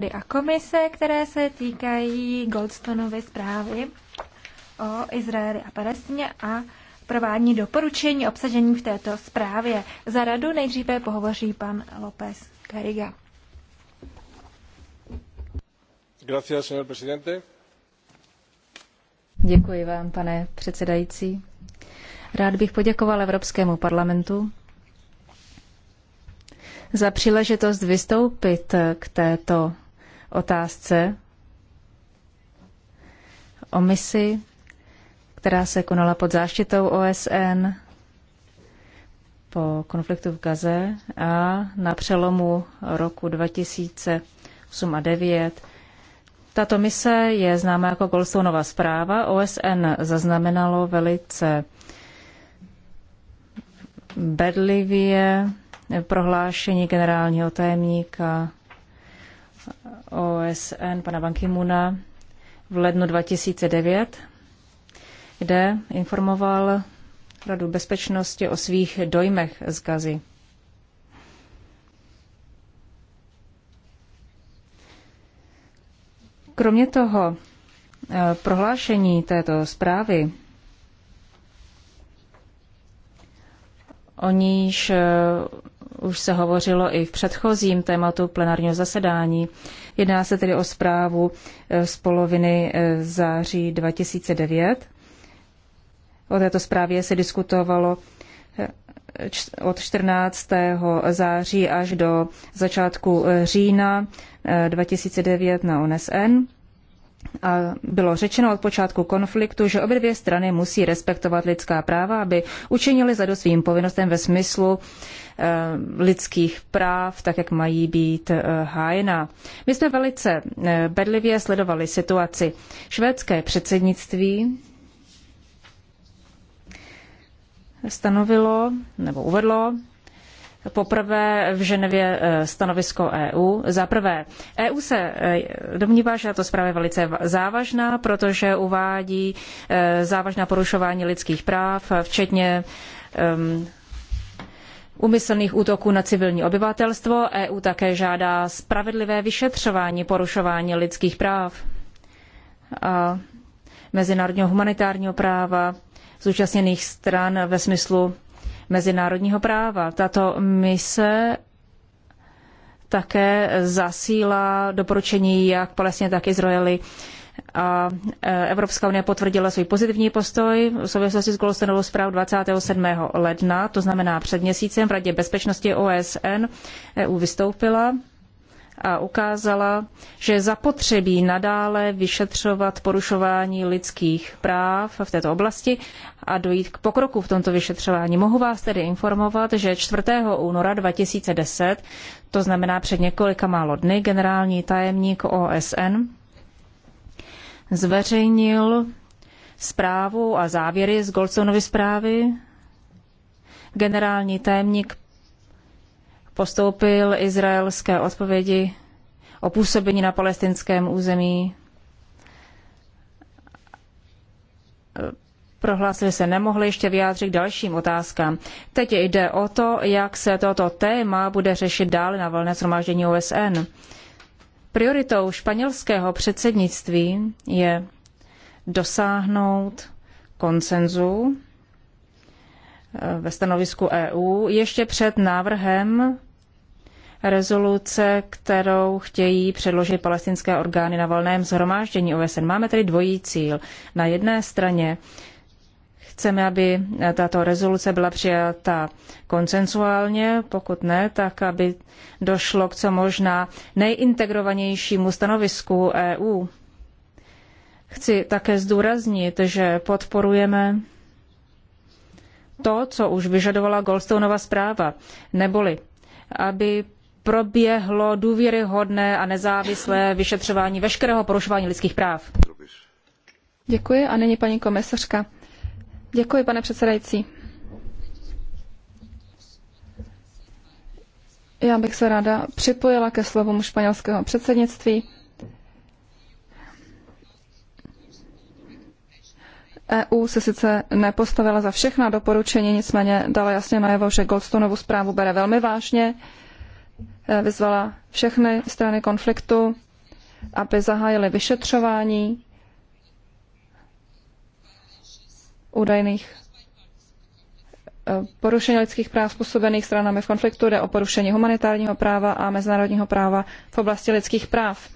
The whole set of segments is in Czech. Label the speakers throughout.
Speaker 1: rady a komise, které se týkají Goldstoneovy zprávy o Izraeli a Palestině a provádní doporučení obsažení v této zprávě. Za radu nejdříve pohovoří pan López Cariga.
Speaker 2: Gracias, señor presidente.
Speaker 1: Děkuji
Speaker 3: vám, pane předsedající. Rád bych poděkoval Evropskému parlamentu za příležitost vystoupit k této otázce o misi, která se konala pod záštitou OSN po konfliktu v Gaze a na přelomu roku 2008 a 2009. Tato mise je známá jako Goldstoneova zpráva. OSN zaznamenalo velice bedlivě prohlášení generálního tajemníka OSN pana Bankimuna v lednu 2009, kde informoval Radu bezpečnosti o svých dojmech z Gazy. Kromě toho eh, prohlášení této zprávy, o níž eh, už se hovořilo i v předchozím tématu plenárního zasedání. Jedná se tedy o zprávu eh, z poloviny eh, září 2009. O této zprávě se diskutovalo eh, od 14. září až do začátku října 2009 na OSN bylo řečeno od počátku konfliktu, že obě dvě strany musí respektovat lidská práva, aby učinili zadu svým povinnostem ve smyslu eh, lidských práv, tak jak mají být eh, hájena. My jsme velice eh, bedlivě sledovali situaci. Švédské předsednictví stanovilo nebo uvedlo, poprvé v Ženevě eh, stanovisko EU. Za prvé, EU se eh, domnívá, že tato zpráva je velice závažná, protože uvádí eh, závažná porušování lidských práv, včetně um, ehm, umyslných útoků na civilní obyvatelstvo. EU také žádá spravedlivé vyšetřování porušování lidských práv a mezinárodního humanitárního práva zúčastněných stran ve smyslu mezinárodního práva. Tato mise také zasílá doporučení jak Palestině, tak Izraeli. A e, Evropská unie potvrdila svůj pozitivní postoj v souvislosti s Golostanovou zprávou 27. ledna, to znamená před měsícem v Radě bezpečnosti OSN EU vystoupila a ukázala, že zapotřebí nadále vyšetřovat porušování lidských práv v této oblasti a dojít k pokroku v tomto vyšetřování. Mohu vás tedy informovat, že 4. února 2010, to znamená před několika málo dny, generální tajemník OSN zveřejnil zprávu a závěry z Goldstoneovy zprávy. Generální tajemník postoupil izraelské odpovědi o působení na palestinském území prohlásili se nemohli ještě vyjádřit k dalším otázkám. Teď jde o to, jak se toto téma bude řešit dále na volné shromáždění OSN. Prioritou španělského předsednictví je dosáhnout konsenzu eh, ve stanovisku EU ještě před návrhem rezoluce, kterou chtějí předložit palestinské orgány na valném zhromáždění OSN. Máme tedy dvojí cíl. Na jedné straně Chceme, aby tato rezoluce byla přijata konsensuálně, pokud ne, tak aby došlo k co možná nejintegrovanějšímu stanovisku EU. Chci také zdůraznit, že podporujeme to, co už vyžadovala Goldstoneova zpráva, neboli aby proběhlo důvěryhodné a nezávislé vyšetřování veškerého porušování lidských práv.
Speaker 4: Děkuji a nyní paní komisařka. Děkuji, pane předsedající. Já bych se ráda připojila ke slovům španělského předsednictví. EU se sice nepostavila za všechna doporučení, nicméně dala jasně najevo, že Goldstonovu zprávu bere velmi vážně. E, vyzvala všechny strany konfliktu, aby zahájily vyšetřování údajných eh, porušení lidských práv způsobených stranami v konfliktu, jde o porušení humanitárního práva a mezinárodního práva v oblasti lidských práv.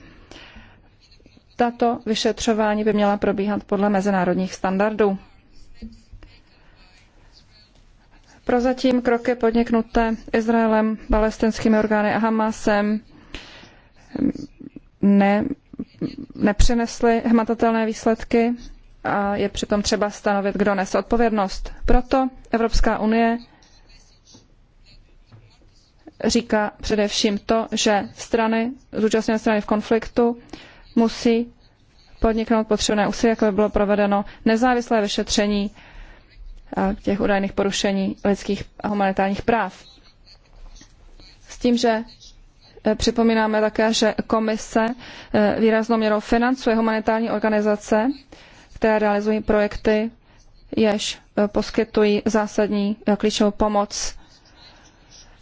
Speaker 4: Tato vyšetřování by měla probíhat podle mezinárodních standardů. Prozatím kroky podniknuté Izraelem, palestinskými orgány a Hamasem ne, nepřinesly hmatatelné výsledky a je přitom třeba stanovit, kdo nese odpovědnost. Proto Evropská unie říká především to, že strany, zúčastněné strany v konfliktu, musí podniknout potřebné úsilí, jako by bylo provedeno nezávislé vyšetření těch údajných porušení lidských a humanitárních práv. S tím, že e, připomínáme také, že komise e, výraznou měrou financuje humanitární organizace, které realizují projekty, jež eh, poskytují zásadní eh, klíčovou pomoc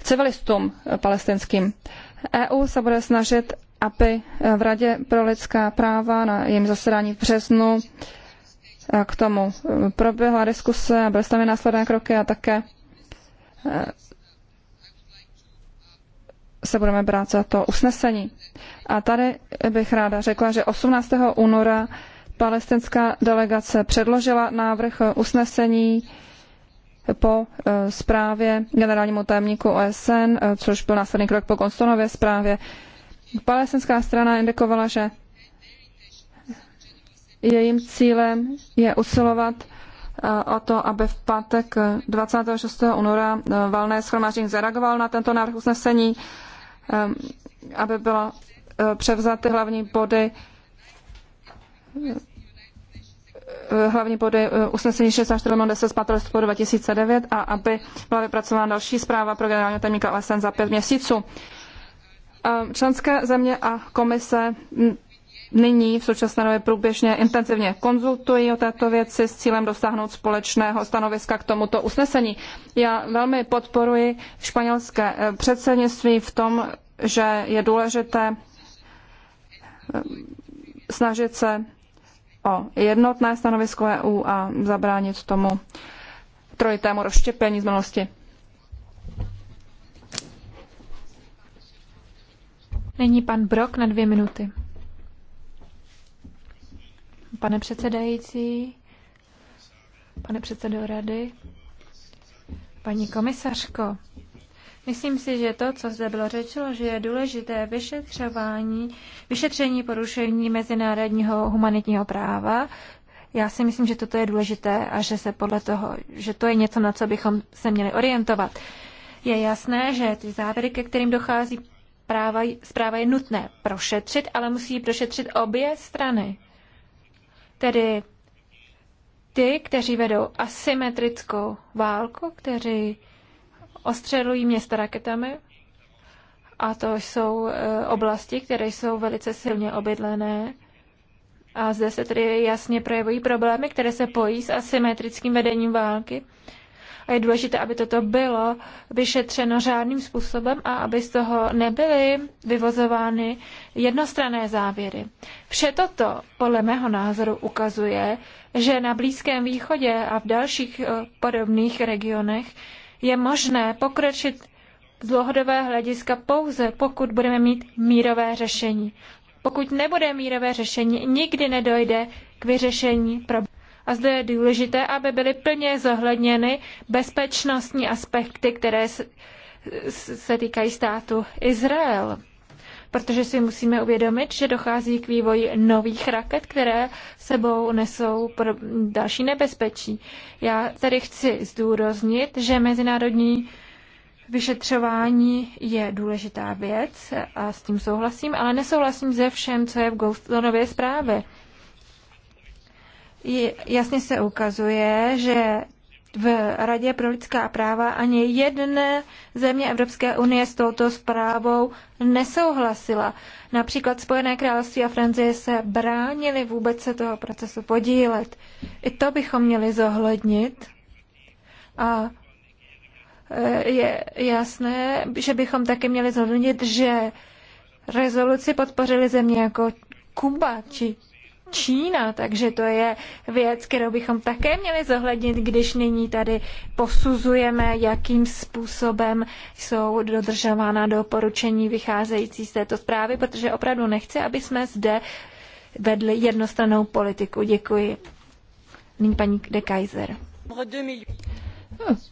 Speaker 4: civilistům eh, palestinským. EU se bude snažit, aby v Radě pro lidská práva na jejím zasedání v březnu k tomu proběhla diskuse a byly tam následné kroky a také se budeme brát za to usnesení. A tady bych ráda řekla, že 18. února palestinská delegace předložila návrh usnesení po e, zprávě generálnímu tajemníku OSN, e, což byl následný krok po Konstonově zprávě. Palestinská strana indikovala, že jejím cílem je usilovat e, o to, aby v pátek 26. února valné schromáždění zareagoval na tento návrh usnesení, aby byla převzaty hlavní body hlavní body eh, usnesení 64 z 5. listopadu 2009 a aby byla vypracována další zpráva pro generálního tajemníka OSN za pět měsíců. Ehm, členské země a komise nyní v současné době průběžně intenzivně konzultují o této věci s cílem dosáhnout společného stanoviska k tomuto usnesení. Já velmi podporuji španělské eh, předsednictví v tom, že je důležité ehm, snažit se o jednotné stanovisko EU a zabránit tomu trojitému rozštěpení z minulosti.
Speaker 1: Nyní pan Brok na dvě minuty. Pane předsedající, pane předsedo rady, paní komisařko, Myslím si, že to, co zde bylo řečeno, že je důležité vyšetřování, vyšetření porušení mezinárodního humanitního práva, já si myslím, že toto je důležité a že se podle toho, že to je něco, na co bychom se měli orientovat. Je jasné, že ty závěry, ke kterým dochází práva, zpráva je nutné prošetřit, ale musí prošetřit obě strany. Tedy ty, kteří vedou asymetrickou válku, kteří ostřelují města raketami. A to jsou e, oblasti, které jsou velice silně obydlené. A zde se tedy jasně projevují problémy, které se pojí s asymetrickým vedením války. A je důležité, aby toto bylo vyšetřeno řádným způsobem a aby z toho nebyly vyvozovány jednostrané závěry. Vše toto podle mého názoru ukazuje, že na Blízkém východě a v dalších e, podobných regionech je možné pokročit z dlouhodobého hlediska pouze, pokud budeme mít mírové řešení. Pokud nebude mírové řešení, nikdy nedojde k vyřešení problému. A zde je důležité, aby byly plně zohledněny bezpečnostní aspekty, které se týkají státu Izrael protože si musíme uvědomit, že dochází k vývoji nových raket, které sebou nesou další nebezpečí. Já tady chci zdůraznit, že mezinárodní Vyšetřování je důležitá věc a s tím souhlasím, ale nesouhlasím ze všem, co je v Goustonově zprávě. Jasně se ukazuje, že v Radě pro lidská práva ani jedné země Evropské unie s touto zprávou nesouhlasila. Například Spojené království a Francie se bránili vůbec se toho procesu podílet. I to bychom měli zohlednit. A e, je jasné, že bychom také měli zohlednit, že rezoluci podpořili země jako Kuba či Čína, takže to je věc, kterou bychom také měli zohlednit, když nyní tady posuzujeme, jakým způsobem jsou dodržována doporučení vycházející z této zprávy, protože opravdu nechci, aby jsme zde vedli jednostrannou politiku. Děkuji. Nyní paní de Kaiser.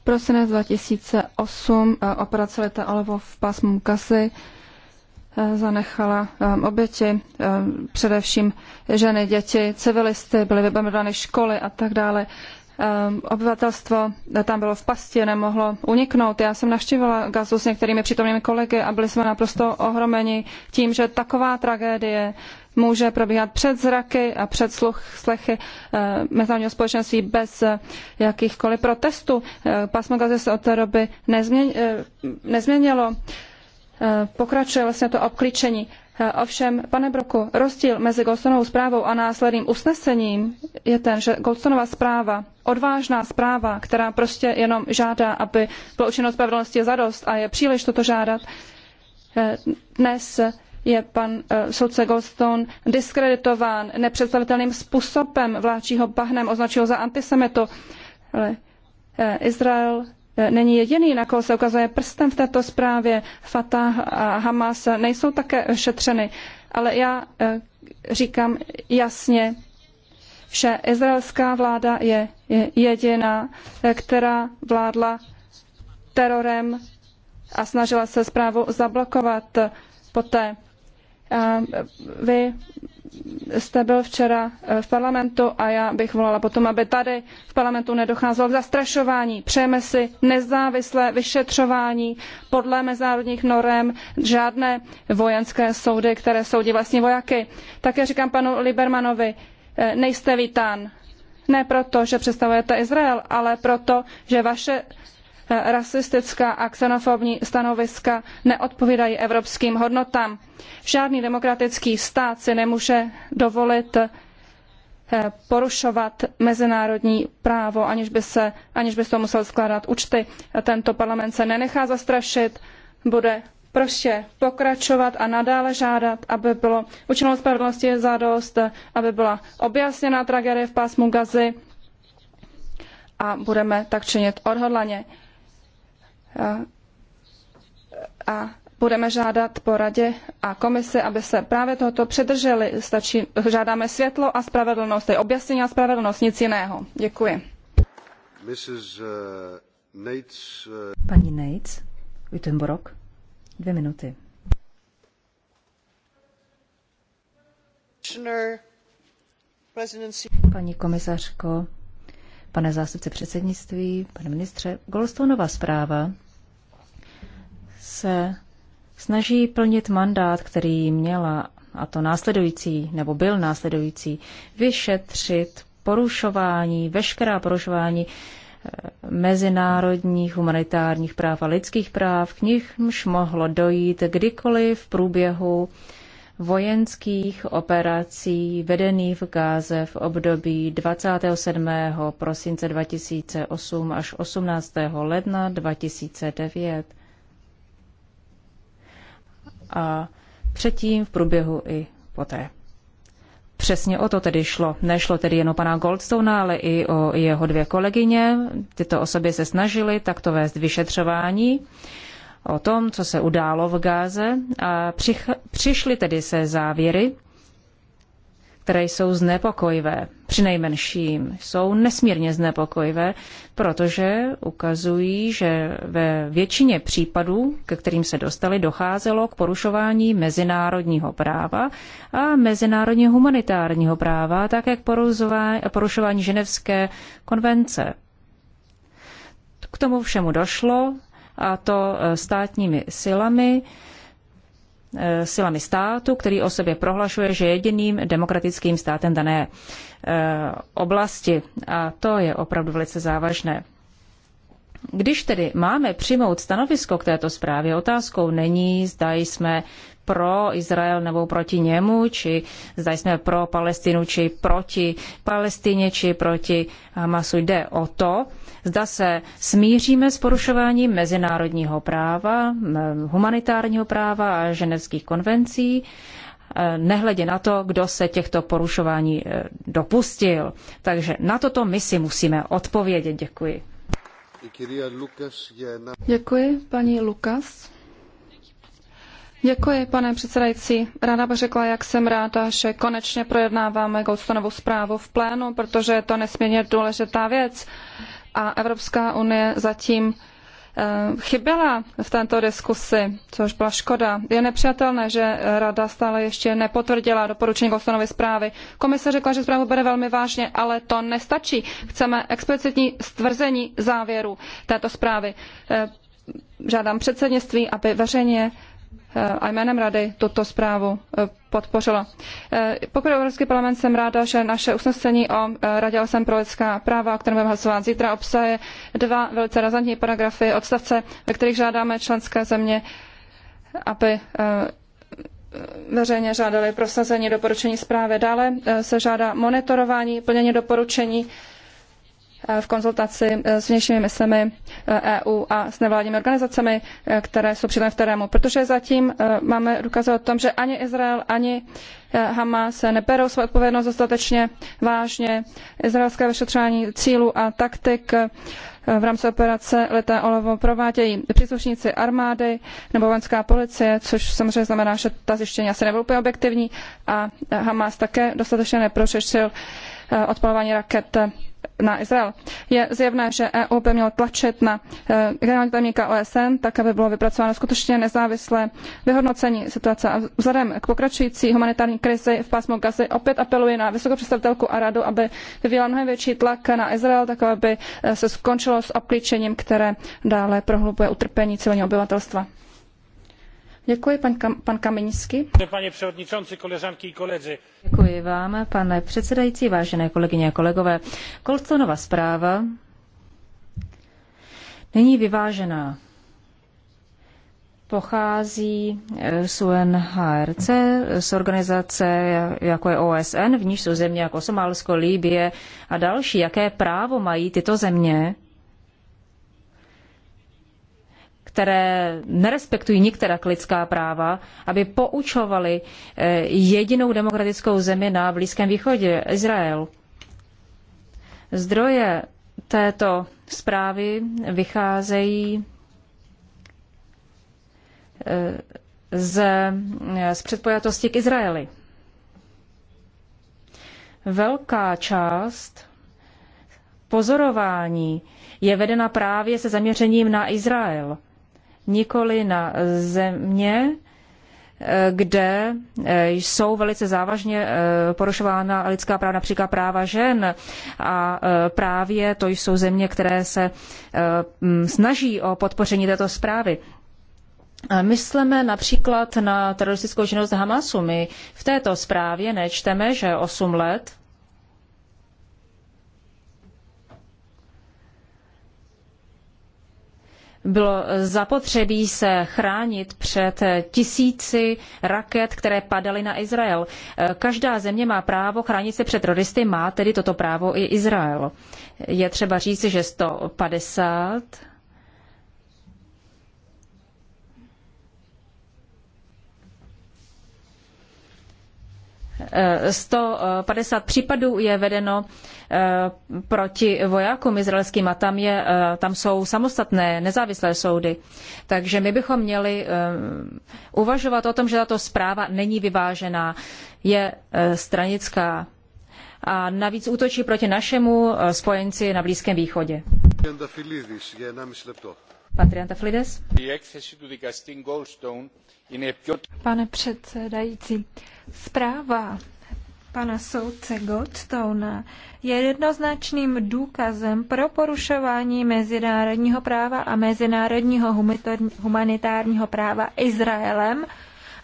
Speaker 1: Prosinec
Speaker 4: 2008 eh, leta Olevo v pásmu Kasy Eh, zanechala eh, oběti, eh, především ženy, děti, civilisty, byly vybombardovány školy a tak dále. Obyvatelstvo tam bylo v pasti, nemohlo uniknout. Já jsem navštívila Gazu s některými přítomnými kolegy a byli jsme naprosto ohromeni tím, že taková tragédie může probíhat před zraky a před sluch, slechy mezinárodního společenství bez jakýchkoliv protestů. Pasmo Gazy se od té doby nezměnilo. Eh, pokračuje vlastně to obklíčení. Eh, ovšem, pane Broku, rozdíl mezi Goldstonovou zprávou a následným usnesením je ten, že Goldstonová zpráva, odvážná zpráva, která prostě jenom žádá, aby bylo učeno spravedlnosti zadost a je příliš toto žádat, eh, dnes je pan soudce Goldstone diskreditován nepředstavitelným způsobem vláčího bahnem, označil za antisemitu. Izrael E, není jediný, na koho se ukazuje prstem v této zprávě. Fatah a Hamas nejsou také šetřeny. Ale já e, říkám jasně, že izraelská vláda je jediná, e, která vládla terorem a snažila se zprávu zablokovat poté, vy jste byl včera eh, v parlamentu a já bych volala potom, aby tady v parlamentu nedocházelo k zastrašování. Přejeme si nezávislé vyšetřování podle mezinárodních norem, žádné vojenské soudy, které soudí vlastní vojaky. Také říkám panu Libermanovi, eh, nejste vítán. Ne proto, že představujete Izrael, ale proto, že vaše rasistická a xenofobní stanoviska neodpovídají evropským hodnotám. Žádný demokratický stát si nemůže dovolit eh, porušovat mezinárodní právo, aniž by, se, aniž by se to musel skládat účty. Tento parlament se nenechá zastrašit, bude prostě pokračovat a nadále žádat, aby bylo učiněno spravedlnosti za dost, aby byla objasněna tragédie v pásmu Gazy a budeme tak činit odhodlaně a budeme žádat po radě a komisi, aby se právě tohoto přidrželi. Stačí, žádáme světlo a spravedlnost, tedy objasnění a spravedlnost, nic jiného. Děkuji.
Speaker 2: Mrs. Uh, Nates, uh...
Speaker 3: Paní Nates, Wittenborg, dvě minuty. Paní komisařko, pane zástupce předsednictví, pane ministře, Goldstoneova zpráva se snaží plnit mandát, který měla, a to následující, nebo byl následující, vyšetřit porušování, veškerá porušování eh, mezinárodních humanitárních práv a lidských práv, k nichž mohlo dojít kdykoliv v průběhu vojenských operací vedených v Gáze v období 27. prosince 2008 až 18. ledna 2009 a předtím, v průběhu i poté. Přesně o to tedy šlo. Nešlo tedy jen o pana Goldstona, ale i o jeho dvě kolegyně. Tyto osoby se snažily takto vést vyšetřování o tom, co se událo v Gáze a přišli tedy se závěry, které jsou znepokojivé. Přinejmenším jsou nesmírně znepokojivé, protože ukazují, že ve většině případů, ke kterým se dostali, docházelo k porušování mezinárodního práva a mezinárodně humanitárního práva, také k porušování ženevské konvence. K tomu všemu došlo, a to e, státními silami, Eh, silami státu, který o sobě prohlašuje, že je jediným demokratickým státem dané eh, oblasti. A to je opravdu velice závažné. Když tedy máme přijmout stanovisko k této zprávě, otázkou není, zda jsme pro Izrael nebo proti němu, či zda jsme pro Palestinu, či proti Palestině, či proti Hamasu. Jde o to, zda se smíříme s porušováním mezinárodního práva, humanitárního práva a ženevských konvencí, e, nehledě na to, kdo se těchto porušování e, dopustil. Takže na toto my si musíme odpovědět. Děkuji. Děkuji, paní Lukas.
Speaker 4: Děkuji, pane předsedající. Ráda bych řekla, jak jsem ráda, že konečně projednáváme Goldstonovou zprávu v plénu, protože je to nesmírně důležitá věc. A Evropská unie zatím eh, chyběla v této diskusi, což byla škoda. Je nepřijatelné, že Rada stále ještě nepotvrdila doporučení Goldstonovy zprávy. Komise řekla, že zprávu bere velmi vážně, ale to nestačí. Chceme explicitní stvrzení závěru této zprávy. Eh, žádám předsednictví, aby veřejně a jménem Rady tuto zprávu e, podpořila. E, pokud Evropský parlament jsem ráda, že naše usnesení o e, Radě OSN pro lidská práva, o kterém budeme hlasovat zítra, obsahuje dva velice razantní paragrafy, odstavce, ve kterých žádáme členské země, aby veřejně žádali prosazení doporučení zprávy. Dále se žádá monitorování plnění doporučení Eh, v konzultaci eh, s vnějšími misemi EU eh, e a s nevládními organizacemi, které jsou přitom v terénu. Protože zatím máme důkazy o tom, že ani Izrael, ani Hamas neberou svou odpovědnost dostatečně vážně. Izraelské vyšetřování cílů a taktik v rámci operace Leté olovo provádějí příslušníci armády nebo vojenská policie, což samozřejmě znamená, že ta zjištění asi nebyla úplně objektivní a Hamas také dostatečně neprošetřil odpalování raket na Izrael. Je zjevné, že EU by měl tlačit na eh, generální tajemníka OSN, tak aby bylo vypracováno skutečně nezávislé vyhodnocení situace. A vzhledem k pokračující humanitární krizi v pásmu Gazy opět apeluji na vysokou představitelku a radu, aby vyvíjela mnohem větší tlak na Izrael, tak aby eh, se skončilo s obklíčením, které dále prohlubuje utrpení civilního obyvatelstva.
Speaker 3: Děkuji, pan, Pane
Speaker 1: předsedající, koleżanki
Speaker 3: Děkuji vám, pane předsedající, vážené kolegyně a kolegové. Koltonova zpráva není vyvážená. Pochází eh, z UNHRC, z organizace jako je OSN, v níž jsou země jako Somálsko, libye a další. Jaké právo mají tyto země které nerespektují některá lidská práva, aby poučovali eh, jedinou demokratickou zemi na Blízkém východě, Izrael. Zdroje této zprávy vycházejí eh, z, z předpojatosti k Izraeli. Velká část pozorování je vedena právě se zaměřením na Izrael – nikoli na země, eh, kde eh, jsou velice závažně eh, porušována lidská práva, například práva žen. A právě to jsou země, které se mm, snaží o podpoření této zprávy. Myslíme například na teroristickou činnost Hamasu. My v této zprávě nečteme, že 8 let bylo zapotřebí se chránit před tisíci raket, které padaly na Izrael. Každá země má právo chránit se před teroristy, má tedy toto právo i Izrael. Je třeba říci, že 150 150 eh, eh, případů je vedeno eh, proti vojákům izraelským a tam, je, tam jsou samostatné nezávislé soudy. Takže my bychom měli uvažovat o tom, že tato zpráva není vyvážená, je stranická a navíc útočí proti našemu spojenci na Blízkém
Speaker 1: východě. Pane předsedající, zpráva pana soudce Goldstone je jednoznačným důkazem pro porušování mezinárodního práva a mezinárodního humanitárního práva Izraelem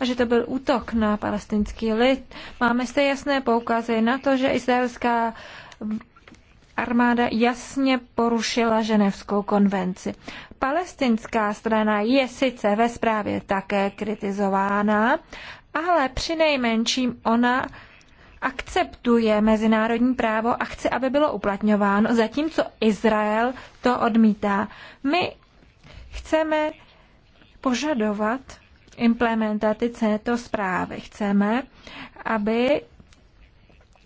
Speaker 1: a že to byl útok na palestinský lid. Máme se jasné poukazy na to, že izraelská armáda jasně porušila ženevskou konvenci. Palestinská strana je sice ve zprávě také kritizována, ale při nejmenším ona akceptuje mezinárodní právo a chce, aby bylo uplatňováno, zatímco Izrael to odmítá. My chceme požadovat implementaci této zprávy. Chceme, aby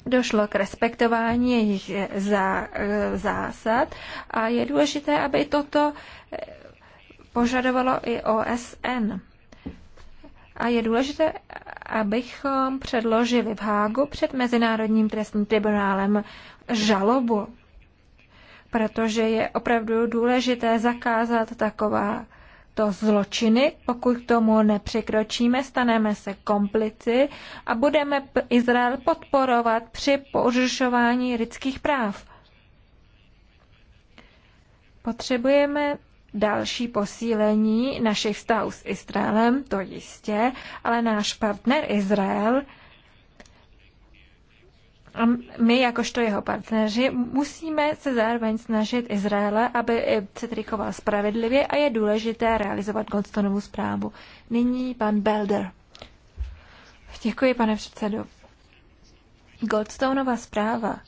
Speaker 1: došlo k respektování jejich eh, zá, eh, zásad a je důležité, aby toto eh, požadovalo i OSN. A je důležité, abychom předložili v Hágu před Mezinárodním trestním tribunálem žalobu, protože je opravdu důležité zakázat taková to zločiny, pokud tomu nepřekročíme, staneme se komplici a budeme Izrael podporovat při porušování lidských práv. Potřebujeme další posílení našich vztahů s Izraelem, to jistě, ale náš partner Izrael a my, jakožto jeho partneři, musíme se zároveň snažit Izraele, aby se trikoval spravedlivě a je důležité realizovat Goldstonovu zprávu. Nyní pan Belder. Děkuji, pane předsedo. Goldstoneova zpráva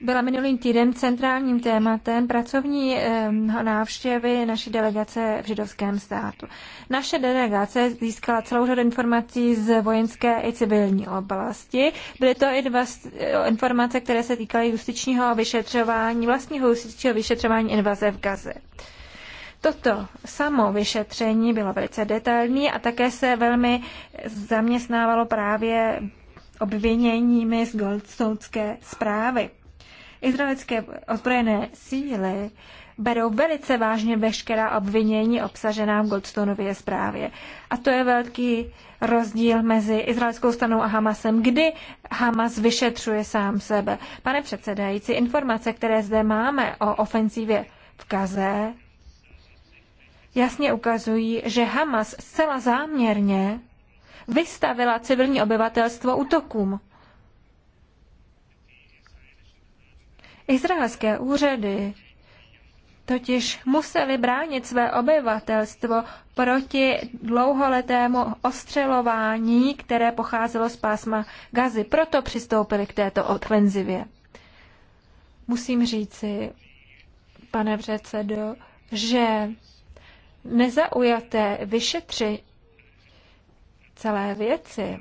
Speaker 1: byla minulý týden centrálním tématem pracovní eh, návštěvy naší delegace v židovském státu. Naše delegace získala celou řadu informací z vojenské i civilní oblasti. Byly to i dva eh, informace, které se týkaly justičního vyšetřování, vlastního justičního vyšetřování invaze v Gaze. Toto samo vyšetření bylo velice detailní a také se velmi zaměstnávalo právě obviněními z Goldstoneské zprávy. Izraelské ozbrojené síly berou velice vážně veškerá obvinění obsažená v Goldstoneově zprávě. A to je velký rozdíl mezi izraelskou stranou a Hamasem, kdy Hamas vyšetřuje sám sebe. Pane předsedající, informace, které zde máme o ofenzívě v Kaze, jasně ukazují, že Hamas zcela záměrně vystavila civilní obyvatelstvo útokům. Izraelské úřady totiž museli bránit své obyvatelstvo proti dlouholetému ostřelování, které pocházelo z pásma Gazy. Proto přistoupili k této ofenzivě. Musím říci, pane předsedo, že nezaujaté vyšetření celé věci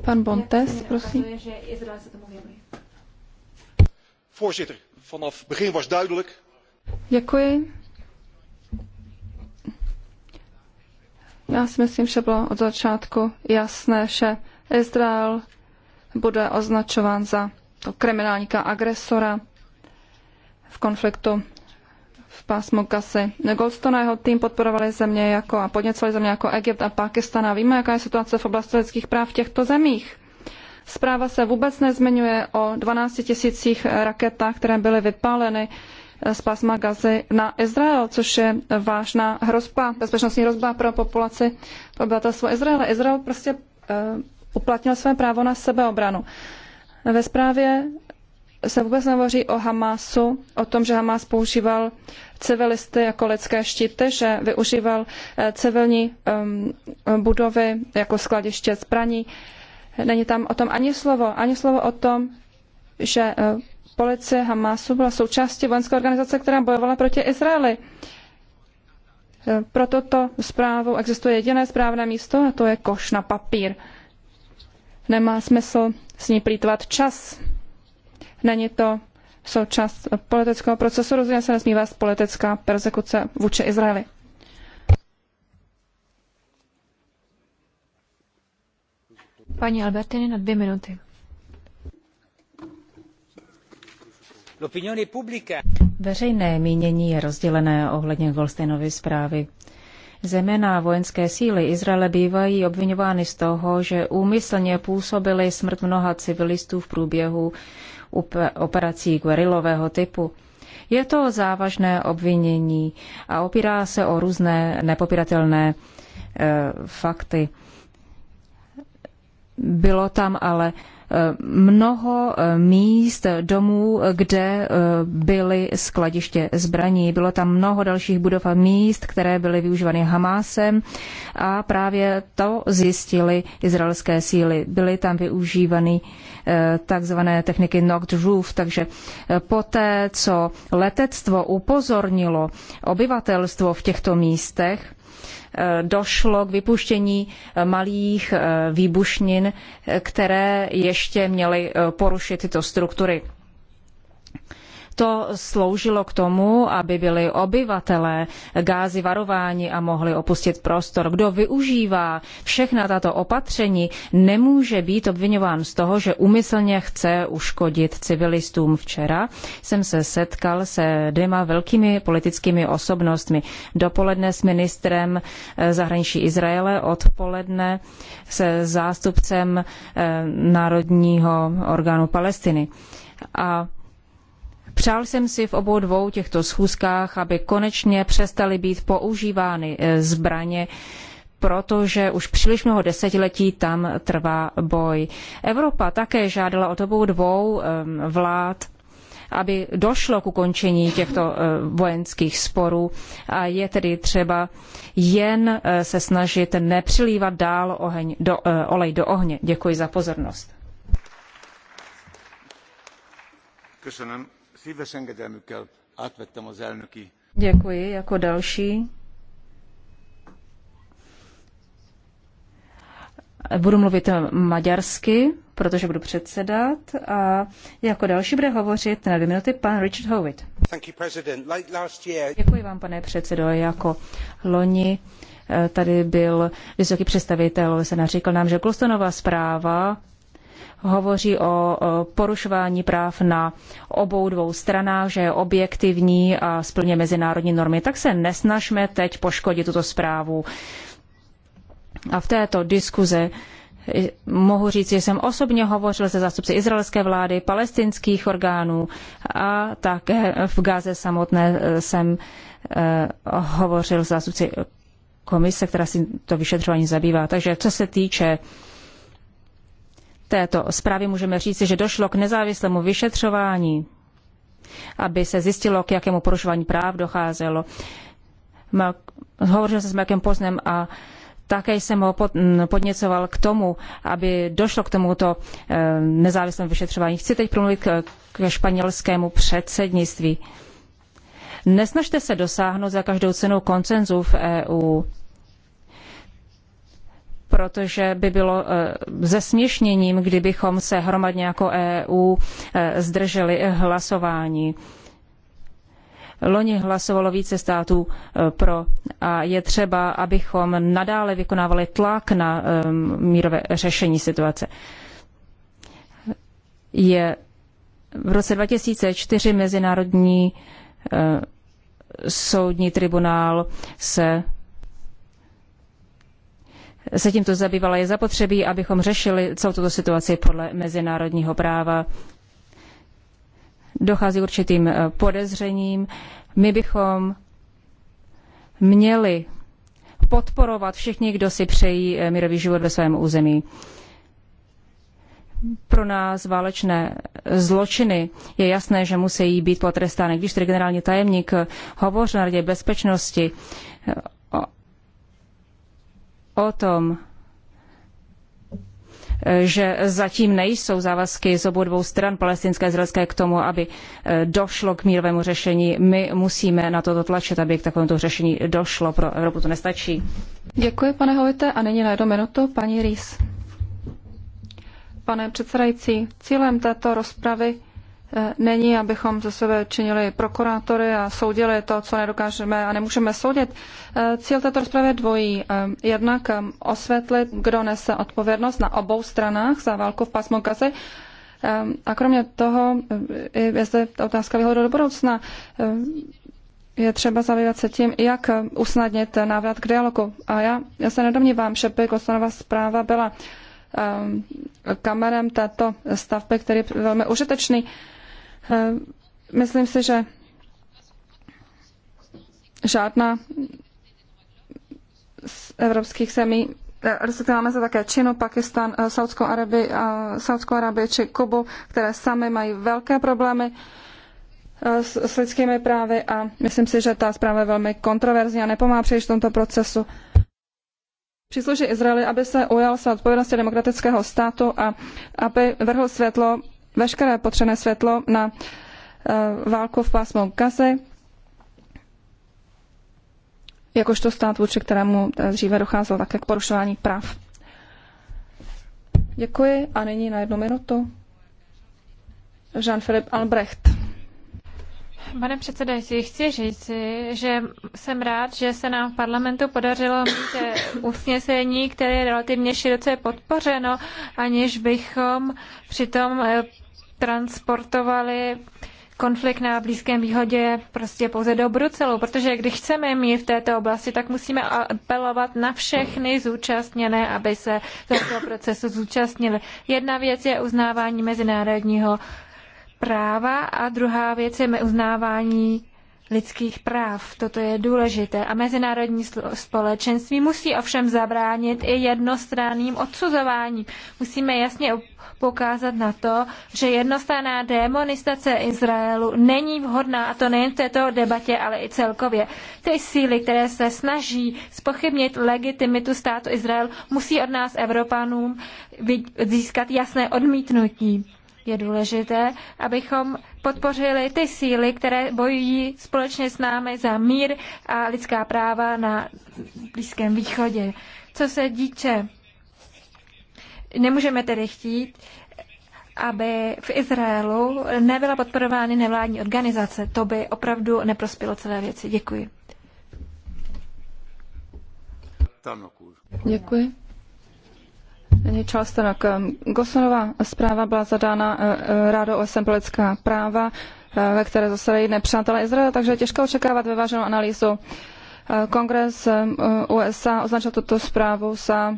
Speaker 1: Pan Bontes,
Speaker 4: prosím.
Speaker 2: Voorzitter, vanaf begin was duidelijk.
Speaker 4: Děkuji. Já si myslím, že bylo od začátku jasné, že Izrael bude označován za to kriminálníka agresora v konfliktu pásmo Gazy. Goldstone a jeho tým podporovali země jako a podněcovali země jako Egypt a Pakistan a víme, jaká je situace v oblasti lidských práv v těchto zemích. Zpráva se vůbec nezmiňuje o 12 tisících raketách, které byly vypáleny eh, z pásma Gazy na Izrael, což je vážná hrozba, bezpečnostní hrozba pro populaci, pro obyvatelstvo Izraele. Izrael prostě uh, uplatnil své právo na sebeobranu. Ve zprávě se vůbec nehovoří o Hamásu, o tom, že Hamás používal civilisty jako lidské štíty, že využíval eh, civilní um, budovy jako skladiště zbraní. Není tam o tom ani slovo, ani slovo o tom, že uh, policie Hamásu byla součástí vojenské organizace, která bojovala proti Izraeli. Eh, pro toto zprávu existuje jediné správné místo a to je koš na papír. Nemá smysl s ní plýtvat čas Není to součást politického procesu, rozhodně se nesmí vést politická persekuce vůči Izraeli. Paní
Speaker 1: Albertini na dvě minuty.
Speaker 3: Veřejné mínění je rozdělené ohledně Goldsteinovy zprávy. Zeměna vojenské síly Izraele bývají obvinovány z toho, že úmyslně působily smrt mnoha civilistů v průběhu operací guerilového typu. Je to závažné obvinění a opírá se o různé nepopiratelné e, fakty. Bylo tam ale mnoho eh, míst, domů, kde eh, byly skladiště zbraní. Bylo tam mnoho dalších budov a míst, které byly využívány Hamásem a právě to zjistili izraelské síly. Byly tam využívány eh, takzvané techniky knocked roof, takže poté, co letectvo upozornilo obyvatelstvo v těchto místech, Eh, došlo k vypuštění eh, malých eh, výbušnin, které ještě měly porušit tyto struktury. To sloužilo k tomu, aby byli obyvatelé gázy varováni a mohli opustit prostor. Kdo využívá všechna tato opatření, nemůže být obvinován z toho, že umyslně chce uškodit civilistům. Včera jsem se setkal se dvěma velkými politickými osobnostmi. Dopoledne s ministrem eh, zahraničí Izraele, odpoledne se zástupcem eh, Národního orgánu Palestiny. A Přál jsem si v obou dvou těchto schůzkách, aby konečně přestaly být používány eh, zbraně, protože už příliš mnoho desetiletí tam trvá boj. Evropa také žádala od obou dvou vlád, aby došlo k ukončení těchto eh, vojenských sporů a je tedy třeba jen eh, se snažit nepřilívat dál oheň do, olej do ohně. Děkuji za pozornost. Děkuji. Jako další budu mluvit maďarsky, protože budu předsedat a jako další bude hovořit na dvě minuty pan Richard Howitt. Děkuji vám, pane předsedo, jako loni eh, tady byl vysoký představitel, se naříkal nám, že Klostonová zpráva hovoří o porušování práv na obou dvou stranách, že je objektivní a splně mezinárodní normy, tak se nesnažme teď poškodit tuto zprávu. A v této diskuze eh, mohu říct, že jsem osobně hovořil se zástupci izraelské vlády, palestinských orgánů a také v Gaze samotné eh, jsem eh, hovořil se zástupci komise, která si to vyšetřování zabývá. Takže co se týče této zprávy můžeme říci, že došlo k nezávislému vyšetřování, aby se zjistilo, k jakému porušování práv docházelo. Hovořil jsem s Markem Poznem a také jsem ho podněcoval k tomu, aby došlo k tomuto eh, nezávislému vyšetřování. Chci teď promluvit k španělskému předsednictví. Nesnažte se dosáhnout za každou cenu koncenzu v EU protože by bylo zesměšněním, eh, kdybychom se hromadně jako EU eh, zdrželi hlasování. Loni hlasovalo více států eh, pro a je třeba, abychom nadále vykonávali tlak na mírové řešení situace. Je v roce 2004 Mezinárodní soudní tribunál se se tímto zabývala, je zapotřebí, abychom řešili celou tuto situaci podle mezinárodního práva. Dochází určitým eh, podezřením. My bychom měli podporovat všichni, kdo si přejí eh, mírový život ve svém území. Pro nás válečné eh, zločiny je jasné, že musí být potrestány. Když tedy generální tajemník hovoří na Radě bezpečnosti o tom, že zatím nejsou závazky z obou dvou stran palestinské a izraelské k tomu, aby eh, došlo k mírovému řešení. My musíme na to tlačit, aby k takovému řešení došlo. Pro Evropu to nestačí.
Speaker 4: Děkuji, pane Hovite. A nyní na jedno minuto paní Rýs. Pane předsedající, cílem této rozpravy E, není, abychom ze sebe činili prokurátory a soudili to, co nedokážeme a nemůžeme soudit. E, cíl této rozpravy je dvojí. E, jednak osvětlit, kdo nese odpovědnost na obou stranách za válku v pásmu Gazy. A kromě toho je zde otázka výhledu do budoucna. Je třeba zabývat se tím, jak usnadnit návrat k dialogu. A já, já se nedomnívám, že by Kostanova zpráva byla kamerem této stavby, který je velmi užitečný Eh, myslím si, že žádná z evropských zemí, eh, respektive máme se také Čínu, Pakistan, eh, Saudskou Arabii, Saudskou Arabii či Kubu, které sami mají velké problémy s, s lidskými právy a myslím si, že ta zpráva je velmi kontroverzní a nepomáhá příliš v tomto procesu. Přísluší Izraeli, aby se ujal své odpovědnosti demokratického státu a aby vrhl světlo veškeré potřebné světlo na eh, válku v pásmu Gazy, jakožto stát, vůči kterému eh, dříve docházelo také k porušování práv. Děkuji a nyní na jednu minutu Jean-Philippe Albrecht.
Speaker 1: Pane předsedající, chci říci, že jsem rád, že se nám v parlamentu podařilo mít eh, usnesení, které je relativně široce podpořeno, aniž bychom přitom eh, transportovali konflikt na Blízkém východě prostě pouze do Bruselu, protože když chceme mít v této oblasti, tak musíme apelovat na všechny zúčastněné, aby se tohoto procesu zúčastnili. Jedna věc je uznávání mezinárodního práva a druhá věc je uznávání lidských práv. Toto je důležité. A mezinárodní společenství musí ovšem zabránit i jednostranným odsuzováním. Musíme jasně poukázat na to, že jednostranná demonistace Izraelu není vhodná, a to nejen v této debatě, ale i celkově. Ty síly, které se snaží spochybnit legitimitu státu Izrael, musí od nás, Evropanům, získat jasné odmítnutí je důležité, abychom podpořili ty síly, které bojují společně s námi za mír a lidská práva na Blízkém východě. Co se díče, nemůžeme tedy chtít, aby v Izraelu nebyla podporovány nevládní organizace. To by opravdu neprospělo celé věci. Děkuji.
Speaker 4: Děkuji. Charles Tanok. Eh, Gosonová zpráva byla zadána eh, eh, Rádou OSN pro lidská práva, ve které zasedají nepřátelé Izraele, takže je těžko očekávat vyváženou analýzu. Kongres USA označil tuto zprávu za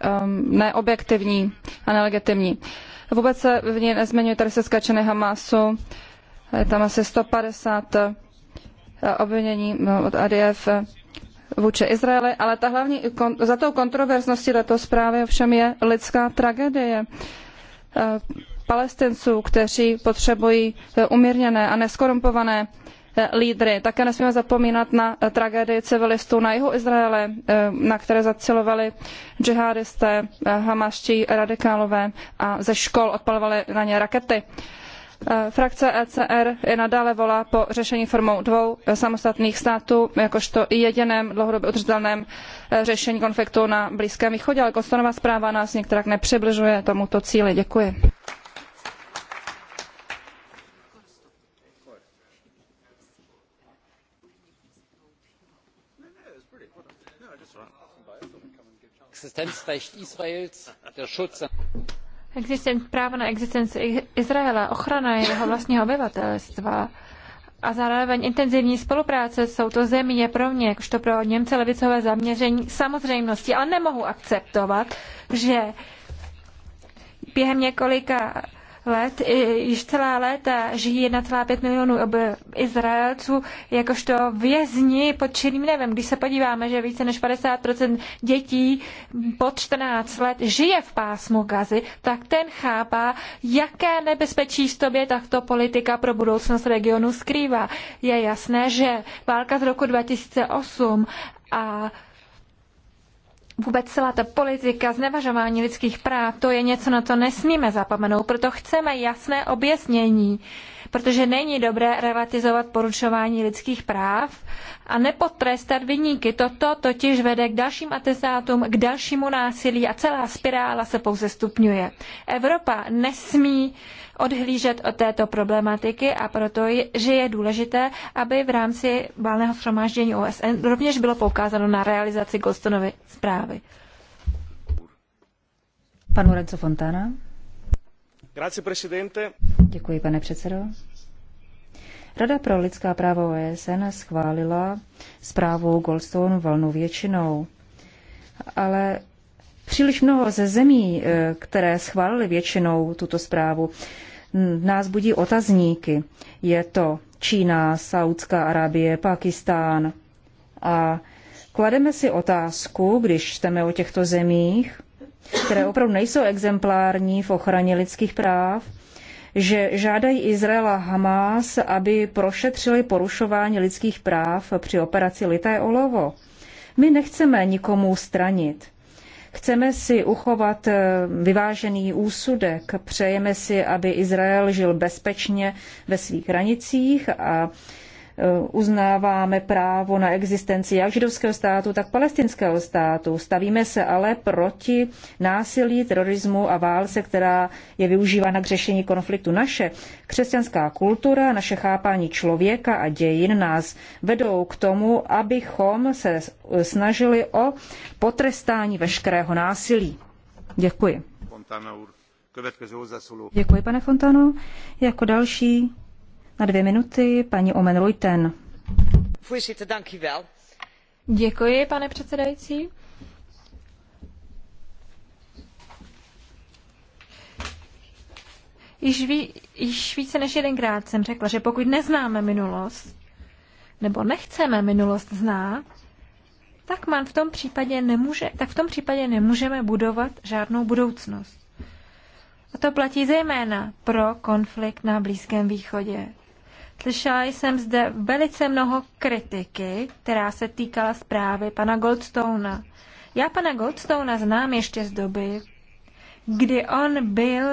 Speaker 4: ehm, neobjektivní a nelegitimní. Vůbec se v ní nezmiňují teroristické činy Hamasu. Je tam asi 150 obvinění od ADF vůči Izraeli, ale ta hlavní, za tou kontroverzností této zprávy ovšem je lidská tragédie eh, palestinců, kteří potřebují eh, umírněné a neskorumpované eh, lídry. Také nesmíme zapomínat na tragédii civilistů na jihu Izraele, na které zacilovali džihadisté, hamaští radikálové a ze škol odpalovali na ně rakety. Eh, frakce ECR i nadále volá po řešení formou dvou samostatných států, jakožto jediném dlouhodobě udržitelném eh, řešení konfliktu na Blízkém východě, ale Kostanová zpráva nás některak nepřibližuje tomuto cíli. Děkuji. existenzrecht
Speaker 1: israels der schutz existent, práva na existenci Izraela, ochrana jeho vlastního obyvatelstva a zároveň intenzivní spolupráce jsou to zemí je pro mě, jakožto pro Němce levicové zaměření, samozřejmostí, ale nemohu akceptovat, že během několika let, již celá léta žijí 1,5 milionů Izraelců jakožto vězni pod čirým nevem. Když se podíváme, že více než 50% dětí pod 14 let žije v pásmu Gazy, tak ten chápá, jaké nebezpečí v tobě takto politika pro budoucnost regionu skrývá. Je jasné, že válka z roku 2008 a vůbec celá ta politika znevažování lidských práv, to je něco, na co nesmíme zapomenout, proto chceme jasné objasnění protože není dobré relativizovat porušování lidských práv a nepotrestat vyníky. Toto totiž vede k dalším atestátům, k dalšímu násilí a celá spirála se pouze stupňuje. Evropa nesmí odhlížet od této problematiky a proto, že je důležité, aby v rámci válného shromáždění OSN rovněž bylo poukázáno na realizaci Gostonovy zprávy.
Speaker 3: Pan Lorenzo Fontana. Děkuji, pane předsedo. Rada pro lidská práva OSN schválila zprávu Goldstone valnou většinou, ale příliš mnoho ze zemí, e, které schválily většinou tuto zprávu, nás budí otazníky. Je to Čína, Saudská Arábie, Pakistán. A klademe si otázku, když čteme o těchto zemích, které opravdu nejsou exemplární v ochraně lidských práv, že žádají Izrael a Hamas, aby prošetřili porušování lidských práv při operaci Lité olovo. My nechceme nikomu stranit. Chceme si uchovat eh, vyvážený úsudek, přejeme si, aby Izrael žil bezpečně ve svých hranicích a Eh, uznáváme právo na existenci jak židovského státu, tak palestinského státu. Stavíme se ale proti násilí, terorismu a válce, která je využívána k řešení konfliktu. Naše křesťanská kultura, naše chápání člověka a dějin nás vedou k tomu, abychom se snažili o potrestání veškerého násilí. Děkuji. Děkuji, pane Fontano. Jako další na dvě minuty paní Omen Ruiten.
Speaker 1: Děkuji, pane předsedající. Již, ví, již více než jedenkrát jsem řekla, že pokud neznáme minulost, nebo nechceme minulost znát, tak man v tom případě nemůže, tak v tom případě nemůžeme budovat žádnou budoucnost. A to platí zejména pro konflikt na Blízkém východě. Slyšela jsem zde velice mnoho kritiky, která se týkala zprávy pana Goldstona. Já pana Goldstona znám ještě z doby, kdy on byl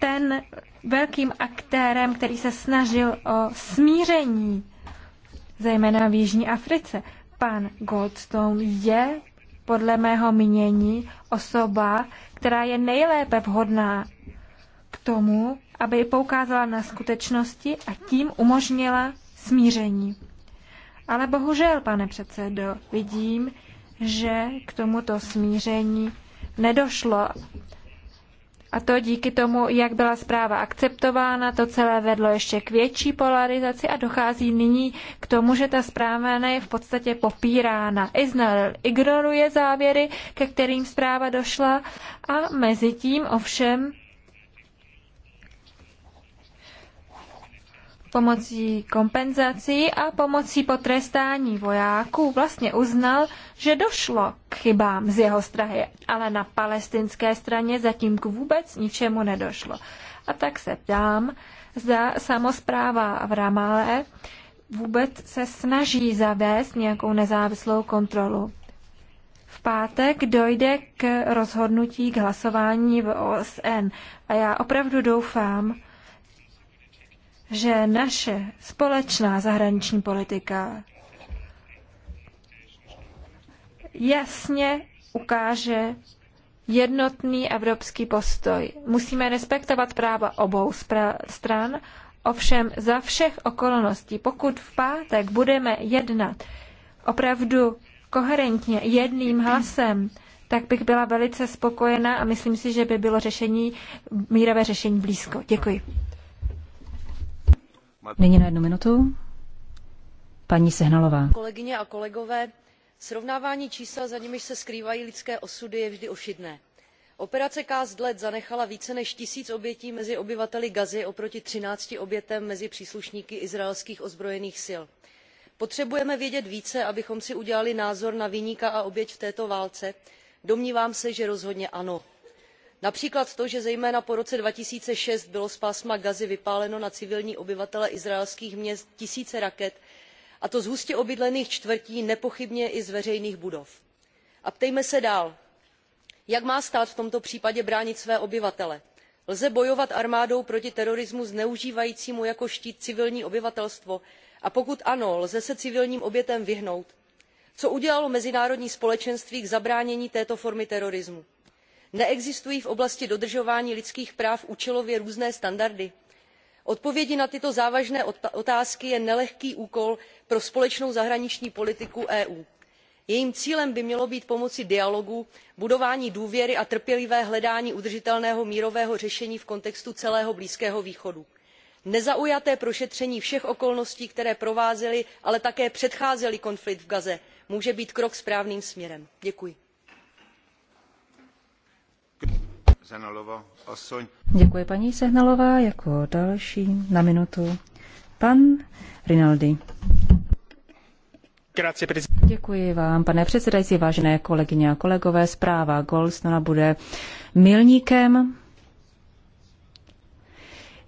Speaker 1: ten velkým aktérem, který se snažil o smíření, zejména v Jižní Africe. Pan Goldstone je podle mého mínění osoba, která je nejlépe vhodná k tomu, aby poukázala na skutečnosti a tím umožnila smíření. Ale bohužel, pane předsedo, vidím, že k tomuto smíření nedošlo. A to díky tomu, jak byla zpráva akceptována, to celé vedlo ještě k větší polarizaci a dochází nyní k tomu, že ta zpráva je v podstatě popírána. Izrael ignoruje závěry, ke kterým zpráva došla a mezi tím ovšem pomocí kompenzací a pomocí potrestání vojáků vlastně uznal, že došlo k chybám z jeho strany, ale na palestinské straně zatím k vůbec ničemu nedošlo. A tak se ptám, zda samozpráva v Ramale vůbec se snaží zavést nějakou nezávislou kontrolu. V pátek dojde k rozhodnutí k hlasování v OSN a já opravdu doufám, že naše společná zahraniční politika jasně ukáže jednotný evropský postoj. Musíme respektovat práva obou stran, ovšem za všech okolností, pokud v pátek budeme jednat opravdu koherentně jedným hlasem, tak bych byla velice spokojená a myslím si, že by bylo řešení, mírové řešení blízko. Děkuji.
Speaker 3: Nyní na jednu minutu. Paní Sehnalová.
Speaker 2: Kolegyně a kolegové, srovnávání čísel, za nimiž se skrývají lidské osudy, je vždy ošidné. Operace Cast Let zanechala více než tisíc obětí mezi obyvateli Gazy oproti 13 obětem mezi příslušníky izraelských ozbrojených sil. Potřebujeme vědět více, abychom si udělali názor na viníka a oběť v této válce? Domnívám se, že rozhodně ano například to že zejména po roce two thousand and six byly z pásma gazy vypáleny na civilní obyvatele izraelských měst tisíce raket a to z hustě obydlených čtvrtí nepochybně i z veřejných budov. a ptejme se dál jak má stát v tomto případě bránit své obyvatele? lze bojovat armádou proti terorismu zneužívajícímu jako štít civilní obyvatelstvo a pokud ano lze se civilním obětem vyhnout? co udělalo mezinárodní společenství k zabránění této formy terorismu? neexistují v oblasti dodržování lidských práv účelově různé standardy? odpovědi na tyto závažné otázky je nelehký úkol pro společnou zahraniční politiku eu. jejím cílem by mělo být pomocí dialogu budování důvěry a trpělivé hledání udržitelného mírového řešení v kontextu celého blízkého východu. nezaujaté prošetření všech okolností které provázely ale také předcházely konflikt v gaze může být krok správným směrem. děkuji.
Speaker 3: Děkuji paní Sehnalová. Jako další na minutu pan Rinaldi. Děkuji vám, pane předsedající, vážené kolegyně a kolegové. Zpráva Goldstona bude milníkem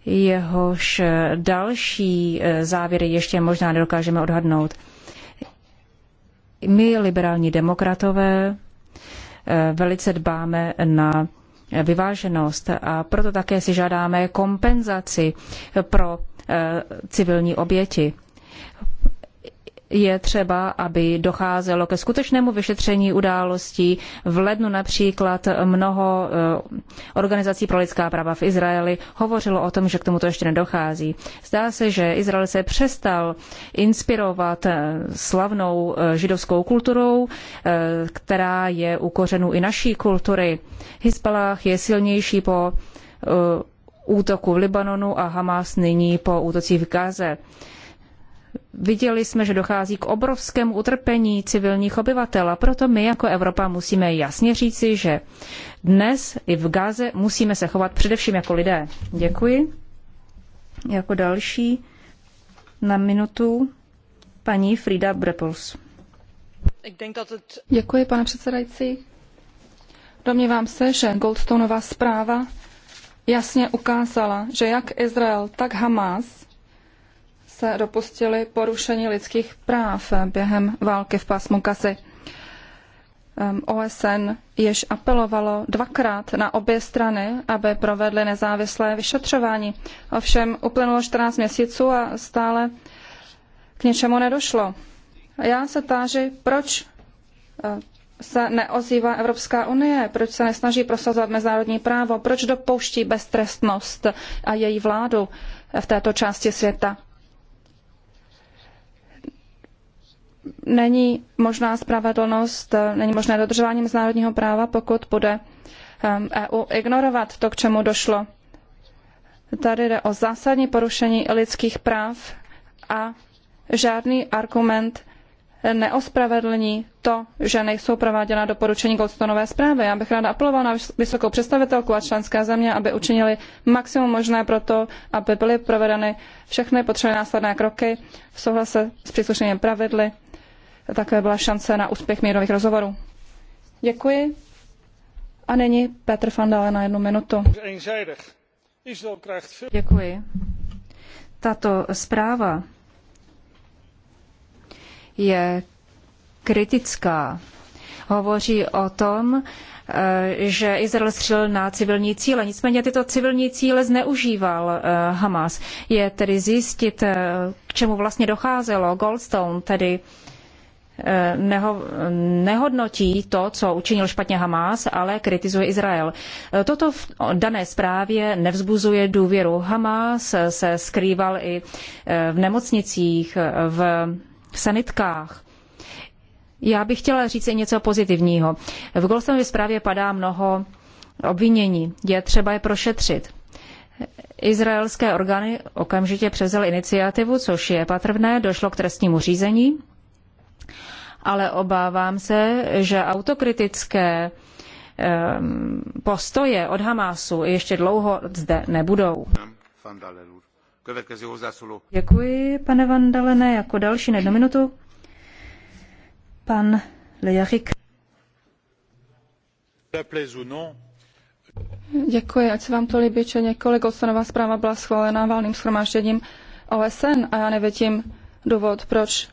Speaker 3: jehož další e, závěry ještě možná nedokážeme odhadnout. My, liberální demokratové, e, velice dbáme na vyváženost a proto také si žádáme kompenzaci pro eh, civilní oběti je třeba, aby docházelo ke skutečnému vyšetření událostí. V lednu například mnoho eh, organizací pro lidská práva v Izraeli hovořilo o tom, že k tomuto ještě nedochází. Zdá se, že Izrael se přestal inspirovat eh, slavnou eh, židovskou kulturou, která je u kořenů i naší kultury. Hizbalah je silnější po útoku v Libanonu a Hamas nyní po útocích v Gaze Viděli jsme, že dochází k obrovskému utrpení civilních obyvatel a proto my jako Evropa musíme jasně říci, že dnes i v Gaze musíme se chovat především jako lidé. Děkuji. Jako další na minutu paní Frida Brepols. Děkuji, pane
Speaker 4: předsedající. Domnívám se, že Goldstoneová zpráva jasně ukázala, že jak Izrael, tak Hamas se dopustili porušení lidských práv během války v pásmu Kasy. OSN již apelovalo dvakrát na obě strany, aby provedly nezávislé vyšetřování. Ovšem uplynulo 14 měsíců a stále k ničemu nedošlo. Já se táži, proč eh, se neozývá Evropská unie, proč se nesnaží prosazovat mezinárodní právo, proč dopouští beztrestnost a její vládu v této části světa. není možná spravedlnost, není možné dodržování mezinárodního práva, pokud bude um, EU ignorovat to, k čemu došlo. Tady jde o zásadní porušení lidských práv a žádný argument neospravedlní to, že nejsou prováděna doporučení Goldstonové zprávy. Já bych ráda apelovala na vysokou představitelku a členské země, aby učinili maximum možné pro to, aby byly provedeny všechny potřebné následné kroky v souhlase s příslušnými pravidly také byla šance na úspěch mírových rozhovorů. Děkuji. A nyní Petr Fandale na jednu minutu.
Speaker 2: Děkuji.
Speaker 3: Tato zpráva je kritická. Hovoří o tom, eh, že Izrael střelil na civilní cíle. Nicméně tyto civilní cíle zneužíval eh, Hamas. Je tedy zjistit, eh, k čemu vlastně docházelo. Goldstone, tedy Eh, neho, nehodnotí to, co učinil špatně Hamas, ale kritizuje Izrael. Eh, toto v dané zprávě nevzbuzuje důvěru. Hamas se skrýval i eh, v nemocnicích, v sanitkách. Já bych chtěla říct i něco pozitivního. V Goldstonově zprávě padá mnoho obvinění. Je třeba je prošetřit. Izraelské orgány okamžitě převzaly iniciativu, což je patrné. došlo k trestnímu řízení ale obávám se, že autokritické ehm, postoje od Hamásu ještě dlouho zde nebudou. Děkuji, pane Vandalene. Jako další na jednu minutu pan Lejarik.
Speaker 4: Děkuji, ať se vám to líbí, že několik odstanová zpráva byla schválena valným schromážděním OSN a já nevidím důvod, proč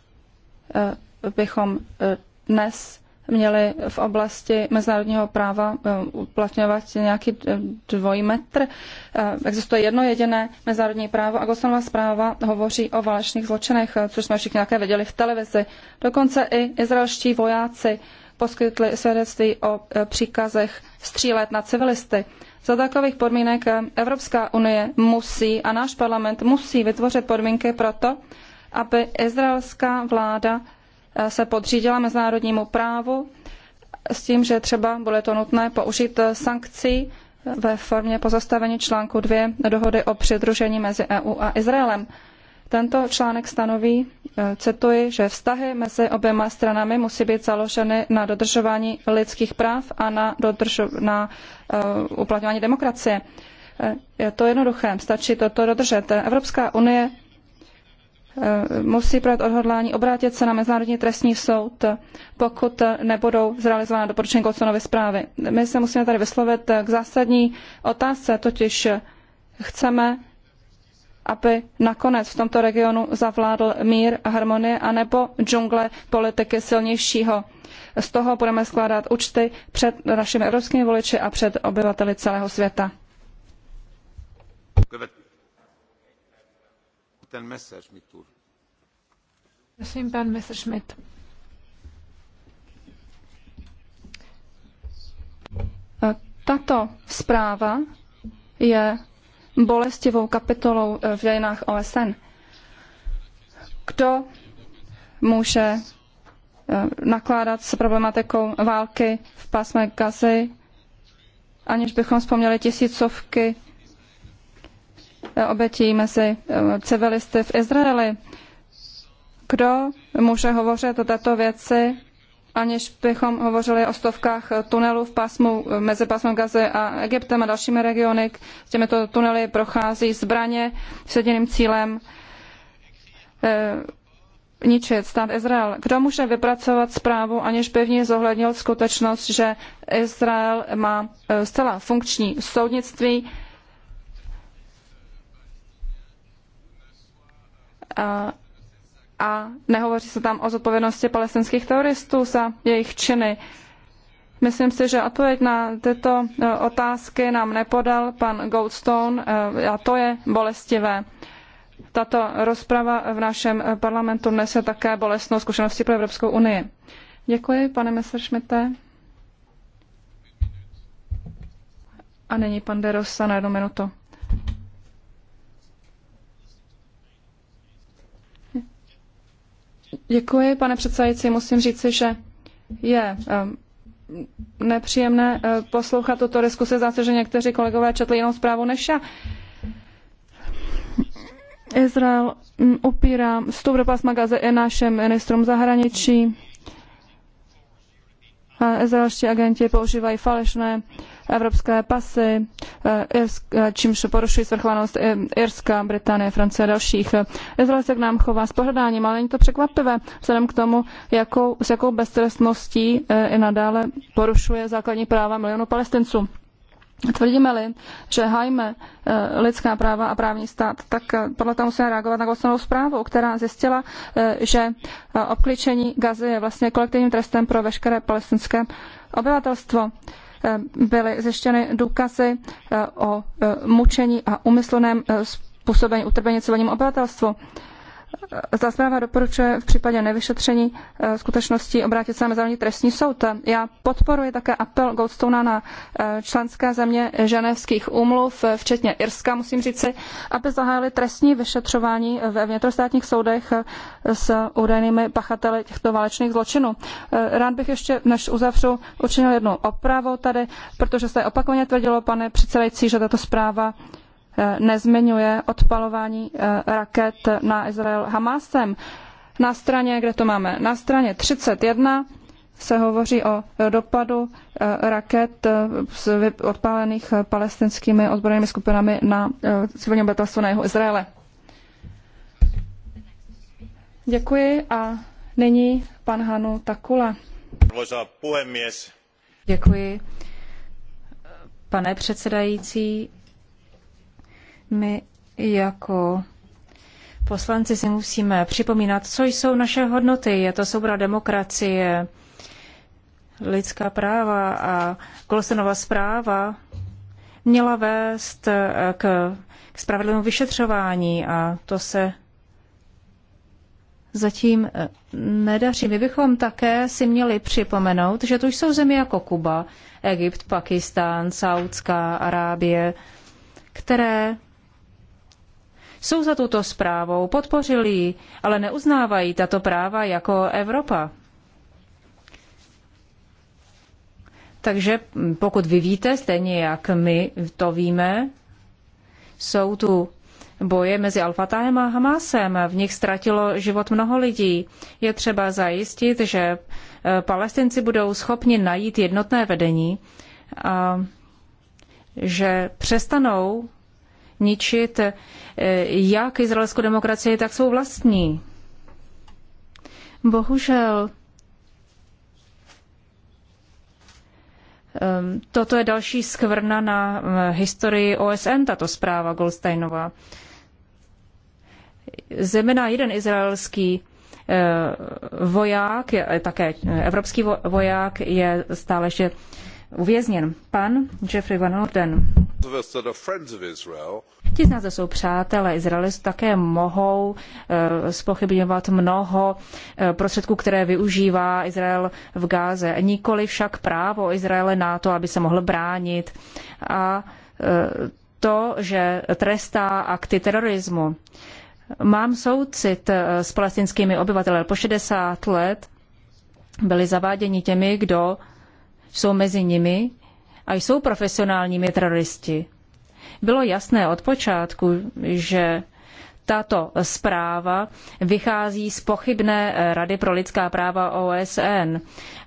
Speaker 4: eh, bychom e, dnes měli v oblasti mezinárodního práva e, uplatňovat nějaký e, dvojmetr. Existuje jedno jediné mezinárodní právo a Gostanová zpráva hovoří o válečných zločinech, což jsme všichni také viděli v televizi. Dokonce i izraelští vojáci poskytli svědectví o příkazech střílet na civilisty. Za takových podmínek Evropská unie musí a náš parlament musí vytvořit podmínky pro to, aby izraelská vláda Eh, se podřídila mezinárodnímu právu s tím, že třeba bude to nutné použít eh, sankcí eh, ve formě pozastavení článku 2 dohody o přidružení mezi EU a Izraelem. Tento článek stanoví, cituji, že vztahy mezi oběma stranami musí být založeny na dodržování lidských práv a na, dodržu, na uh, uplatňování demokracie. Je to jednoduché, stačí toto dodržet. Evropská unie Eh, musí projet odhodlání obrátit se na Mezinárodní trestní soud, pokud nebudou zrealizována doporučení Golconovy zprávy. My se musíme tady vyslovit k zásadní otázce, totiž chceme, aby nakonec v tomto regionu zavládl mír a harmonie, anebo džungle politiky silnějšího. Z toho budeme skládat účty před našimi evropskými voliči a před obyvateli celého světa
Speaker 2: ten Messerschmitt.
Speaker 1: Prosím, pan e,
Speaker 4: Tato zpráva je bolestivou kapitolou e, v dějinách OSN. Kdo může e, nakládat s problematikou války v pásme Gazy, aniž bychom vzpomněli tisícovky obětí mezi eh, civilisty v Izraeli. Kdo může hovořit o této věci, aniž bychom hovořili o stovkách eh, tunelů v pásmu, eh, mezi pásmem Gazy a Egyptem a dalšími regiony. S těmito tunely prochází zbraně s jediným cílem ničit stát Izrael. Kdo může vypracovat zprávu, aniž by v ní zohlednil skutečnost, že Izrael má zcela funkční soudnictví, a nehovoří se tam o zodpovědnosti palestinských teroristů za jejich činy. Myslím si, že odpověď na tyto e, otázky nám nepodal pan Goldstone e, a to je bolestivé. Tato rozprava v našem parlamentu nese také bolestnou zkušenosti pro Evropskou unii. Děkuji, pane Messerschmitte. A nyní pan Derosa na jednu minutu. Děkuji, pane předsedající. Musím říci, že je ehm, nepříjemné eh, poslouchat tuto diskusi. Zdá se, že někteří kolegové četli jinou zprávu než já. Izrael mm, upírá vstup do pásma Gaze i našim ministrům zahraničí. Izraelští agenti používají falešné evropské pasy, eh, eh, čímž porušují svrchovanost Irska, Británie, Francie a dalších. Izrael se k nám chová s pohrdáním, ale není to překvapivé, vzhledem k tomu, jakou, s jakou beztrestností eh, i nadále porušuje základní práva milionů palestinců. Tvrdíme-li, že hájíme lidská práva a právní stát, tak podle toho musíme reagovat na Gostanovou zprávu, která zjistila, že obklíčení Gazy je vlastně kolektivním trestem pro veškeré palestinské obyvatelstvo. Eh, byly zjištěny důkazy eh, o eh, mučení a umyslném způsobení utrpení civilnímu obyvatelstvu ta zpráva doporučuje v případě nevyšetření eh, skutečností obrátit se na Mezinárodní trestní soud. Já podporuji také apel Goldstona na eh, členské země ženevských úmluv, eh, včetně Irska, musím říci, aby zahájili trestní vyšetřování ve vnitrostátních soudech s údajnými pachateli těchto válečných zločinů. Rád bych ještě, než uzavřu, učinil jednu opravu tady, protože se opakovaně tvrdilo, pane předsedající, že tato zpráva Eh, nezmiňuje odpalování eh, raket na Izrael Hamásem. Na straně, kde to máme? Na straně 31 se hovoří o dopadu eh, raket odpálených palestinskými ozbrojenými skupinami na civilní obyvatelstvo na jeho Izraele. Děkuji a nyní pan Hanu Takula.
Speaker 3: Děkuji. Pane předsedající, my jako poslanci si musíme připomínat, co jsou naše hodnoty. Je to soubor demokracie, lidská práva a kolosenová zpráva měla vést eh, k, k spravedlivému vyšetřování a to se zatím eh, nedaří. My bychom také si měli připomenout, že tu jsou země jako Kuba, Egypt, Pakistán, Saudská Arábie, které jsou za tuto zprávou, podpořili ji, ale neuznávají tato práva jako Evropa. Takže pokud vy víte, stejně jak my to víme, jsou tu boje mezi Alfatahem a Hamásem. V nich ztratilo život mnoho lidí. Je třeba zajistit, že e, palestinci budou schopni najít jednotné vedení a že přestanou ničit eh, jak izraelskou demokracii, tak svou vlastní. Bohužel ehm, toto je další skvrna na eh, historii OSN, tato zpráva Goldsteinová. Zemina jeden izraelský eh, voják, také evropský voják, je stále ještě uvězněn. Pan Jeffrey Van Orden Ti z nás, jsou přátelé Izraele, také mohou eh, spochybňovat mnoho eh, prostředků, které využívá Izrael v Gáze. Nikoli však právo Izraele na to, aby se mohl bránit. A eh, to, že trestá akty terorismu. Mám soucit s palestinskými obyvateli. Po 60 let byli zaváděni těmi, kdo jsou mezi nimi, a jsou profesionálními teroristi. Bylo jasné od počátku, že tato zpráva vychází z pochybné Rady pro lidská práva OSN.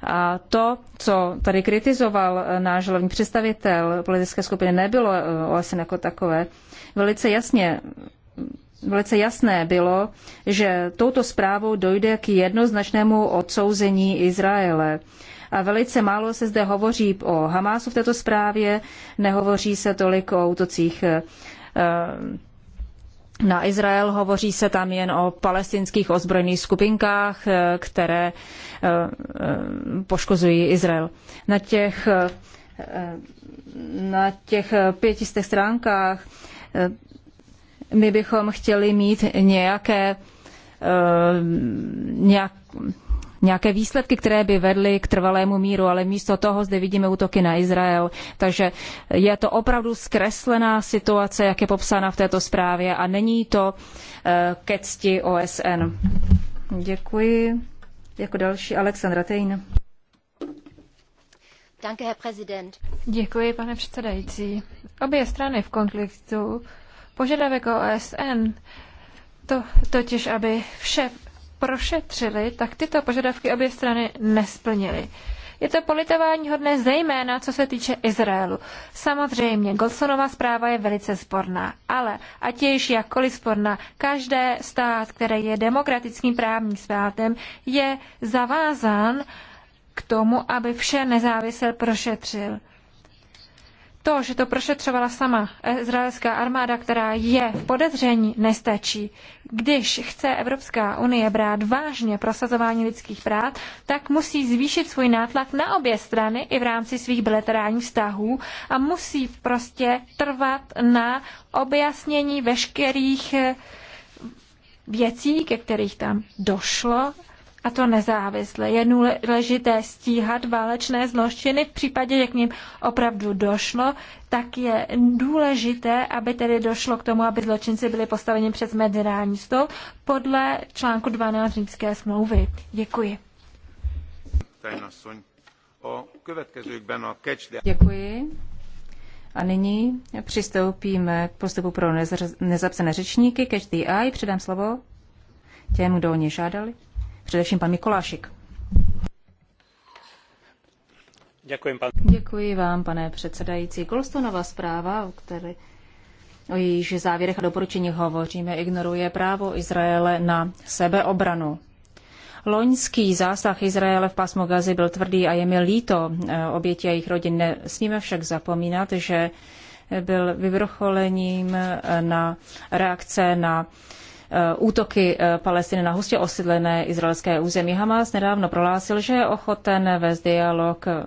Speaker 3: A to, co tady kritizoval náš hlavní představitel politické skupiny, nebylo OSN jako takové. Velice jasně Velice jasné bylo, že touto zprávou dojde k jednoznačnému odsouzení Izraele a velice málo se zde hovoří o Hamásu v této zprávě, nehovoří se tolik o útocích eh, na Izrael, hovoří se tam jen o palestinských ozbrojených skupinkách, eh, které eh, poškozují Izrael. Na těch, na těch pětistech stránkách my bychom chtěli mít nějaké, nějak, nějaké výsledky, které by vedly k trvalému míru, ale místo toho zde vidíme útoky na Izrael. Takže je to opravdu zkreslená situace, jak je popsána v této zprávě a není to eh, ke cti OSN. Děkuji. Jako další Alexandra Tejn.
Speaker 1: Děkuji, pane předsedající. Obě strany v konfliktu požadavek OSN to totiž, aby vše prošetřili, tak tyto požadavky obě strany nesplnily. Je to politování hodné zejména, co se týče Izraelu. Samozřejmě, Golsonova zpráva je velice sporná, ale ať je již jakkoliv sporná, každé stát, který je demokratickým právním státem, je zavázán k tomu, aby vše nezávisel prošetřil. To, že to prošetřovala sama izraelská armáda, která je v podezření, nestačí. Když chce Evropská unie brát vážně prosazování lidských práv, tak musí zvýšit svůj nátlak na obě strany i v rámci svých bilaterálních vztahů a musí prostě trvat na objasnění veškerých eh, věcí, ke kterých tam došlo a to nezávisle. Je důležité stíhat válečné zločiny v případě, jak k ním opravdu došlo, tak je důležité, aby tedy došlo k tomu, aby zločinci byli postaveni přes mediální stůl podle článku 12 římské smlouvy. Děkuji.
Speaker 3: Děkuji. A nyní přistoupíme k postupu pro nezapsané řečníky. Catch the eye. Předám slovo těm, kdo o ně žádali především pan Mikolášik. Děkuji, pan. Děkuji vám, pane předsedající. Kolstonová zpráva, o které o jejíž závěrech a doporučení hovoříme, ignoruje právo Izraele na sebeobranu. Loňský zásah Izraele v pásmu Gazy byl tvrdý a je mi líto eh, oběti a jejich rodin. Nesmíme však zapomínat, že byl vyvrcholením eh, na reakce na Eh, útoky eh, Palestiny na hustě osídlené izraelské území. Hamas nedávno prohlásil, že je ochoten vést dialog eh,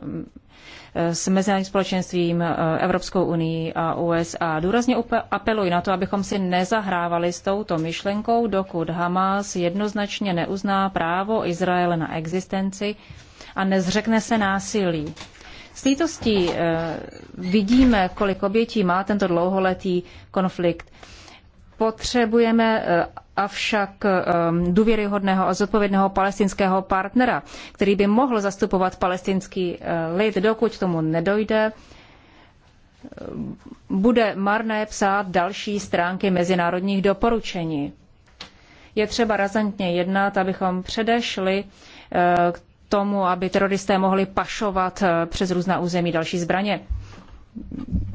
Speaker 3: s mezinárodním společenstvím, Evropskou unii a USA. Důrazně apeluji na to, abychom si nezahrávali s touto myšlenkou, dokud Hamas jednoznačně neuzná právo Izraele na existenci a nezřekne se násilí. S lítostí vidíme, kolik obětí má tento dlouholetý konflikt. Potřebujeme eh, avšak eh, důvěryhodného a zodpovědného palestinského partnera, který by mohl zastupovat palestinský eh, lid, dokud k tomu nedojde. Bude marné psát další stránky mezinárodních doporučení. Je třeba razantně jednat, abychom předešli k tomu, aby teroristé mohli pašovat přes různá území další zbraně.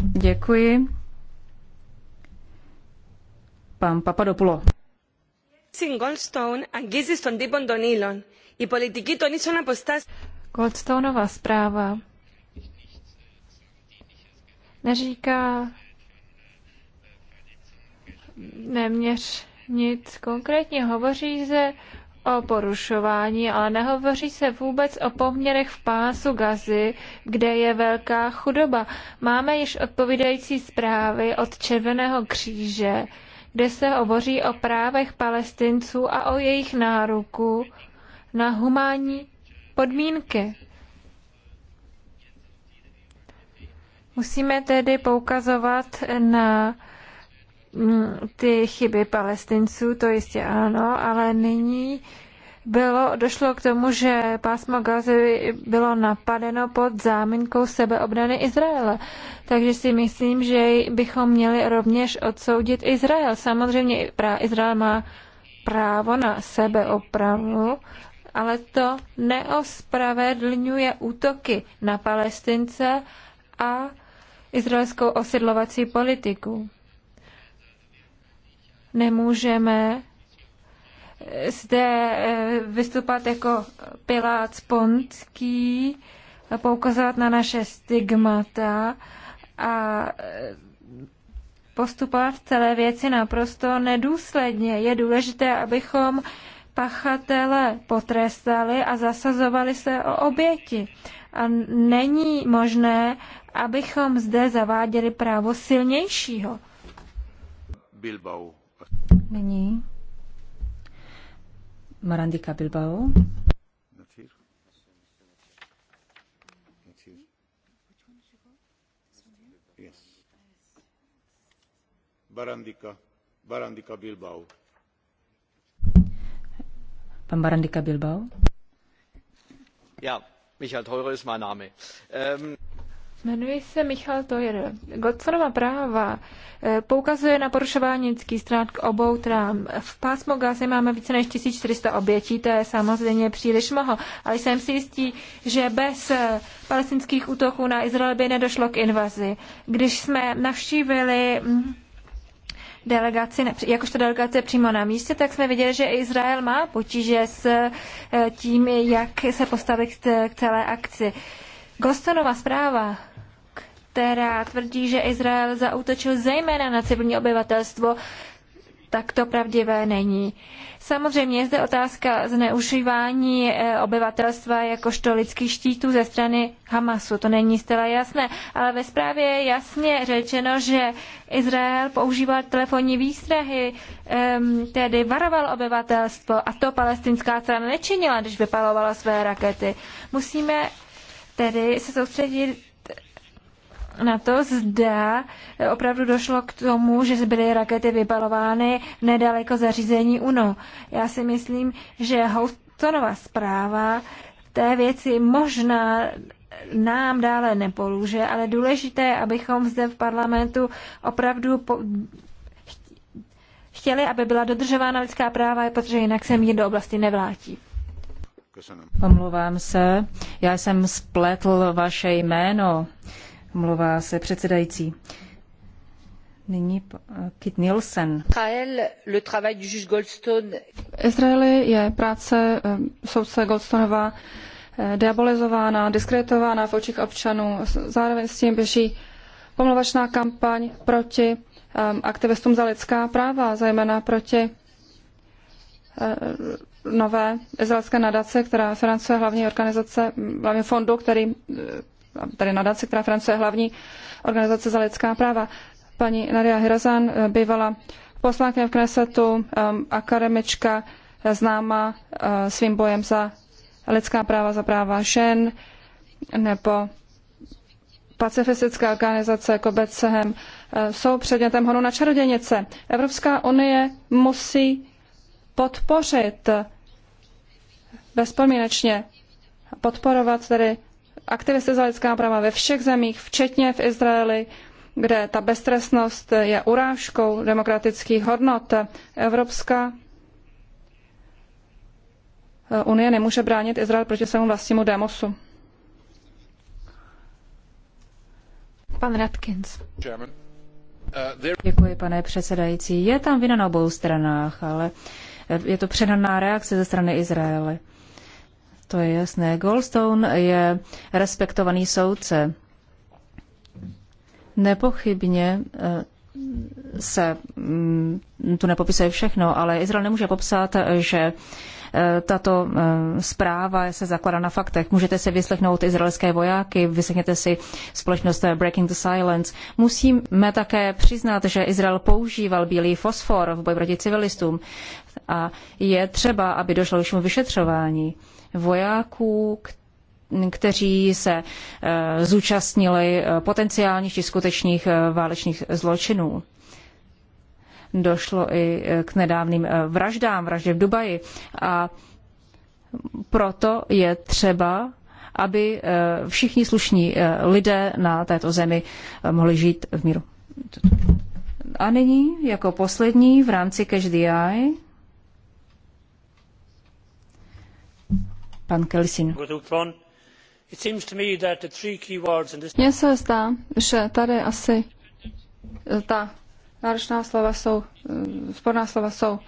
Speaker 3: Děkuji pan Papadopulo.
Speaker 1: Goldstoneova zpráva neříká neměř nic konkrétně. Hovoří se o porušování, ale nehovoří se vůbec o poměrech v pásu gazy, kde je velká chudoba. Máme již odpovídající zprávy od Červeného kříže, kde se hovoří o právech palestinců a o jejich nároku na humánní podmínky. Musíme tedy poukazovat na mm, ty chyby palestinců, to jistě ano, ale nyní bylo, došlo k tomu, že pásmo Gazy bylo napadeno pod záminkou sebeobrany Izraele. Takže si myslím, že bychom měli rovněž odsoudit Izrael. Samozřejmě Izrael má právo na sebeopravu, ale to neospravedlňuje útoky na Palestince a izraelskou osidlovací politiku. Nemůžeme zde eh, vystupovat jako Pilát Spontský, poukazovat na naše stigmata a eh, postupovat v celé věci naprosto nedůsledně. Je důležité, abychom pachatele potrestali a zasazovali se o oběti. A není možné, abychom zde zaváděli právo silnějšího.
Speaker 2: Bilbao.
Speaker 1: Nyní
Speaker 3: Marandika Bilbao.
Speaker 2: Barandika, Barandika Bilbao.
Speaker 1: Pan Barandika Bilbao.
Speaker 2: Ja, Michael Theurer ist mein Name. Ähm
Speaker 1: Jmenuji se Michal Tojer. Godsonova práva eh, poukazuje na porušování lidských strát k obou trám. V pásmu Gazy máme více než 1400 obětí, to je samozřejmě příliš mnoho, ale jsem si jistý, že bez eh, palestinských útoků na Izrael by nedošlo k invazi. Když jsme navštívili mm, delegaci, jakožto delegace přímo na místě, tak jsme viděli, že Izrael má potíže s eh, tím, jak se postavit k celé akci. Gostanova zpráva která tvrdí, že Izrael zaútočil zejména na civilní obyvatelstvo, tak to pravdivé není. Samozřejmě je zde otázka zneužívání eh, obyvatelstva jakožto lidských štítů ze strany Hamasu. To není zcela jasné, ale ve zprávě je jasně řečeno, že Izrael používal telefonní výstrahy, ehm, tedy varoval obyvatelstvo a to palestinská strana nečinila, když vypalovala své rakety. Musíme tedy se soustředit na to, zda opravdu došlo k tomu, že byly rakety vypalovány nedaleko zařízení UNO. Já si myslím, že Houstonová zpráva té věci možná nám dále nepolůže, ale důležité, abychom zde v parlamentu opravdu po chtěli, aby byla dodržována lidská práva, protože jinak se mír do oblasti nevlátí.
Speaker 3: Omlouvám se, já jsem spletl vaše jméno. Mluvá se předsedající. Nyní Kit Nielsen. Izraeli je
Speaker 4: práce eh, soudce Goldstonova eh, diabolizována, diskreditována v očích občanů. Zároveň s tím běží pomluvačná kampaň proti eh, aktivistům za lidská práva, zejména proti nové izraelské nadace, která financuje hlavní organizace, hm, hlavně fondu, který tady nadace, která financuje hlavní organizace za lidská práva. Paní Nadia Hirazan, bývala poslankyně v Knesetu, um, akademička, známá uh, svým bojem za lidská práva, za práva žen, nebo pacifistické organizace jako Becehem uh, jsou předmětem honu na čaroděnice. Evropská unie musí podpořit uh, bezpomínečně podporovat tedy aktivisty za lidská práva ve všech zemích, včetně v Izraeli, kde ta beztrestnost je urážkou demokratických hodnot. Evropská eh, unie nemůže bránit Izrael proti svému vlastnímu demosu.
Speaker 3: Pan Radkins. Uh, Děkuji, pane předsedající. Je tam vina na obou stranách, ale eh, je to předaná reakce ze strany Izraele. To je jasné. Goldstone je respektovaný soudce. Nepochybně eh, se mm, tu nepopisuje všechno, ale Izrael nemůže popsat, že tato eh, zpráva se zakládá na faktech. Můžete si vyslechnout izraelské vojáky, vyslechněte si společnost eh, Breaking the Silence. Musíme také přiznat, že Izrael používal bílý fosfor v boji proti civilistům a je třeba, aby došlo k vyšetřování vojáků, kteří se eh, zúčastnili potenciálních či skutečných válečných zločinů. Došlo i eh, k nedávným eh, vraždám, vraždě v Dubaji. A proto je třeba, aby eh, všichni slušní lidé na této zemi mohli žít v míru. A nyní jako poslední v rámci Cash Eye. pan Kelsin. Mně se
Speaker 4: zdá, že tady asi ta náročná slova jsou, sporná slova jsou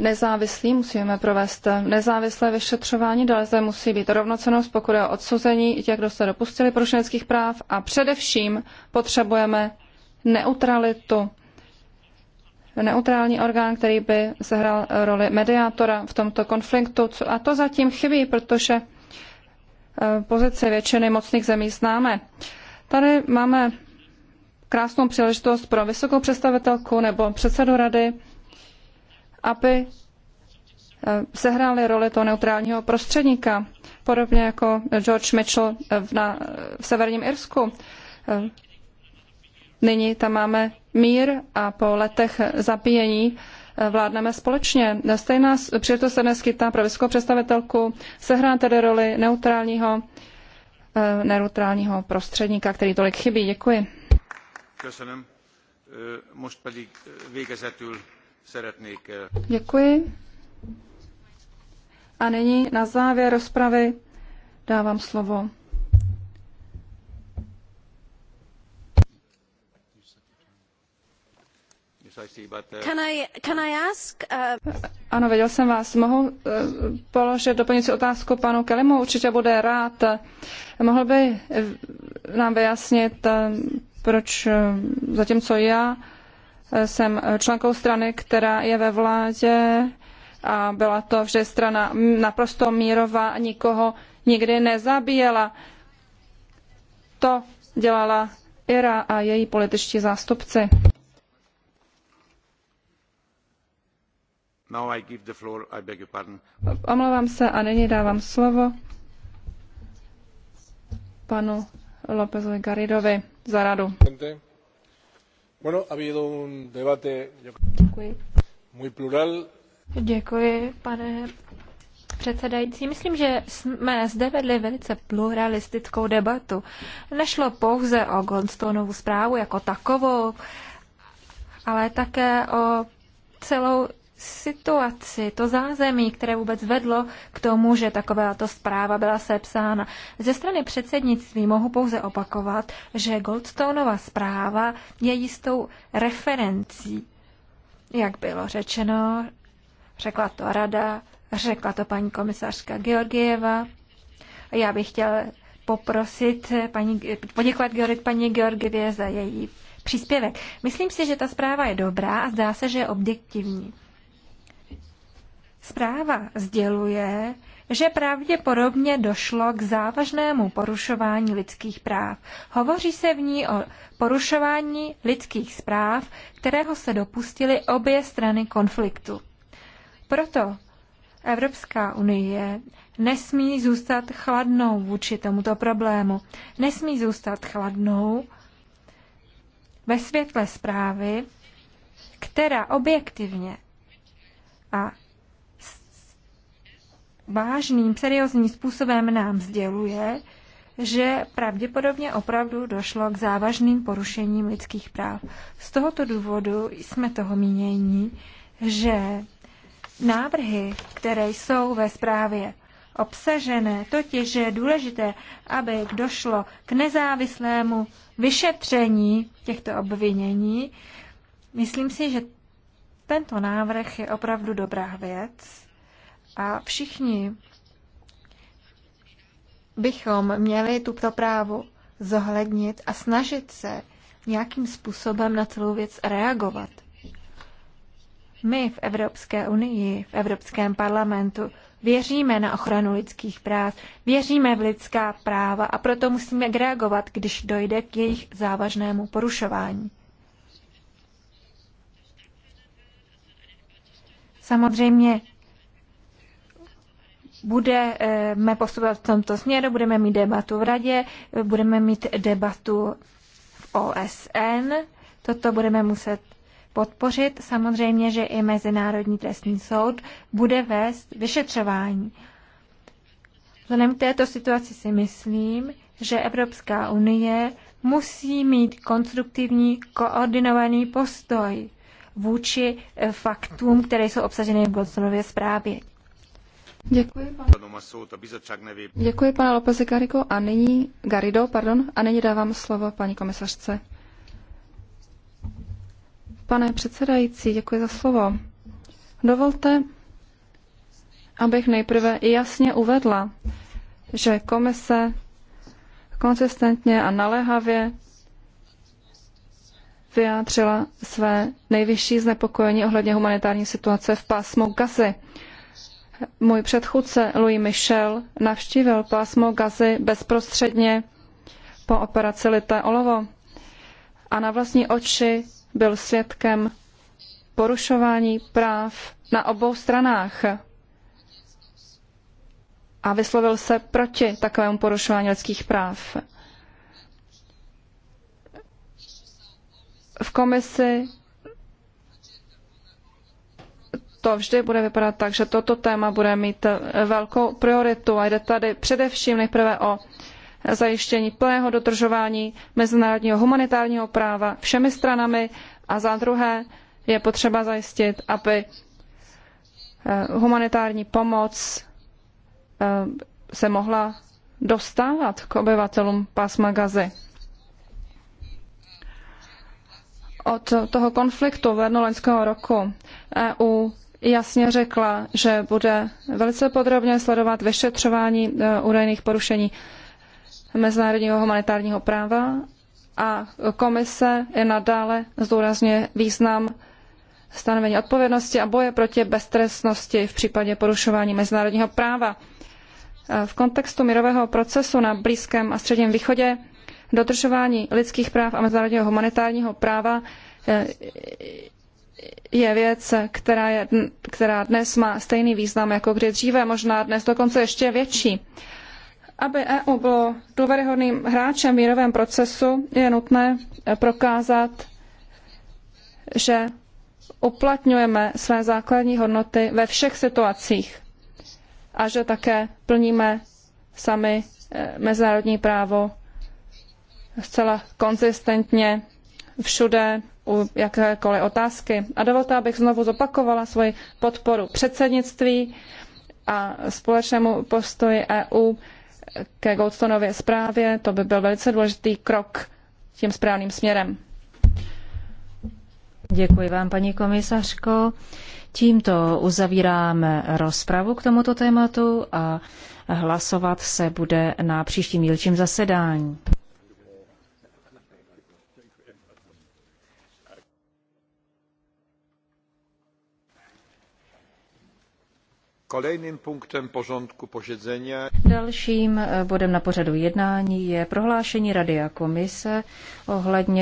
Speaker 4: nezávislí, musíme provést nezávislé vyšetřování, dále zde musí být rovnocenost, pokud je odsouzení i těch, kdo se dopustili porušeneckých práv a především potřebujeme neutralitu. Neutrální orgán, který by sehrál roli mediátora v tomto konfliktu. A to zatím chybí, protože eh, pozice většiny mocných zemí známe. Tady máme krásnou příležitost pro vysokou představitelku nebo předsedu rady, aby eh, sehráli roli toho neutrálního prostředníka, podobně jako George Mitchell eh, v, na, v severním Irsku. Eh, nyní tam máme mír a po letech zabíjení vládneme společně. Stejná příležitost se dnes chytá pro vysokou představitelku sehrát tedy roli neutrálního, neutrálního prostředníka, který tolik chybí. Děkuji. Děkuji. A nyní na závěr rozpravy dávám slovo Ano, věděl jsem vás. Mohu uh, položit doplňující otázku panu Kelimu? Určitě bude rád. Mohl by eh, nám vyjasnit eh, proč eh, zatímco já eh, jsem členkou strany, která je ve vládě a byla to vždy strana naprosto mírová, nikoho nikdy nezabíjela. To dělala Ira a její političtí zástupci.
Speaker 2: Floor, Omlouvám se
Speaker 4: a nyní dávám slovo panu Lópezovi Garidovi. Děkuji.
Speaker 1: Děkuji, pane předsedající. Myslím, že jsme zde vedli velice pluralistickou debatu. Nešlo pouze o Goldstoneovu zprávu jako takovou, ale také o celou situaci, to zázemí, které vůbec vedlo k tomu, že takováto zpráva byla sepsána. Ze strany předsednictví mohu pouze opakovat, že Goldstoneova zpráva je jistou referencí. Jak bylo řečeno, řekla to rada, řekla to paní komisařka Georgieva. Já bych chtěl poprosit paní, poděkovat Georg, paní Georgievě za její příspěvek. Myslím si, že ta zpráva je dobrá a zdá se, že je objektivní. Zpráva sděluje, že pravděpodobně došlo k závažnému porušování lidských práv. Hovoří se v ní o porušování lidských zpráv, kterého se dopustily obě strany konfliktu. Proto Evropská unie nesmí zůstat chladnou vůči tomuto problému. Nesmí zůstat chladnou ve světle zprávy, která objektivně a vážným, seriózním způsobem nám sděluje, že pravděpodobně opravdu došlo k závažným porušením lidských práv. Z tohoto důvodu jsme toho mínění, že návrhy, které jsou ve zprávě obsažené, totiž je důležité, aby došlo k nezávislému vyšetření těchto obvinění, myslím si, že tento návrh je opravdu dobrá věc a všichni bychom měli tu právu zohlednit a snažit se nějakým způsobem na celou věc reagovat. My v Evropské unii, v Evropském parlamentu věříme na ochranu lidských práv, věříme v lidská práva a proto musíme reagovat, když dojde k jejich závažnému porušování. Samozřejmě budeme postupovat v tomto směru, budeme mít debatu v radě, budeme mít debatu v OSN, toto budeme muset podpořit. Samozřejmě, že i Mezinárodní trestní soud bude vést vyšetřování. Vzhledem k této situaci si myslím, že Evropská unie musí mít konstruktivní, koordinovaný postoj vůči faktům, které jsou obsaženy v Bolsonově zprávě. Děkuji,
Speaker 2: pane, Děkuji, pane Lopeze
Speaker 1: Garigo. A
Speaker 4: nyní, Garido, pardon, a nyní dávám slovo paní komisařce. Pane předsedající, děkuji za slovo. Dovolte, abych nejprve jasně uvedla, že komise konzistentně a naléhavě vyjádřila své nejvyšší znepokojení ohledně humanitární situace v pásmu Gazy můj předchůdce Louis Michel navštívil pásmo Gazy bezprostředně po operaci Lité olovo a na vlastní oči byl svědkem porušování práv na obou stranách a vyslovil se proti takovému porušování lidských práv. V komisi to vždy bude vypadat tak, že toto téma bude mít eh, velkou prioritu a jde tady především nejprve o zajištění plného dodržování mezinárodního humanitárního práva všemi stranami a za druhé je potřeba zajistit, aby eh, humanitární pomoc eh, se mohla dostávat k obyvatelům pásma Gazy. Od toho konfliktu v lednu loňského roku EU jasně řekla, že bude velice podrobně sledovat vyšetřování e, údajných porušení mezinárodního humanitárního práva a komise i nadále zdůrazňuje význam stanovení odpovědnosti a boje proti beztrestnosti v případě porušování mezinárodního práva. E, v kontextu mírového procesu na Blízkém a Středním východě dodržování lidských práv a mezinárodního humanitárního práva e, je věc, která, je, která dnes má stejný význam jako kdy dříve, možná dnes dokonce ještě větší. Aby EU bylo důvěryhodným hráčem v mírovém procesu, je nutné prokázat, že uplatňujeme své základní hodnoty ve všech situacích a že také plníme sami eh, mezinárodní právo zcela konzistentně všude u jakékoliv otázky. A dovolte, abych znovu zopakovala svoji podporu předsednictví a společnému postoji EU ke Goldstoneově
Speaker 3: zprávě. To by byl velice důležitý krok tím správným směrem. Děkuji vám, paní komisařko. Tímto uzavíráme rozpravu k tomuto tématu a hlasovat se bude na příštím dílčím zasedání. Dalším eh, bodem na pořadu jednání je prohlášení Rady a komise ohledně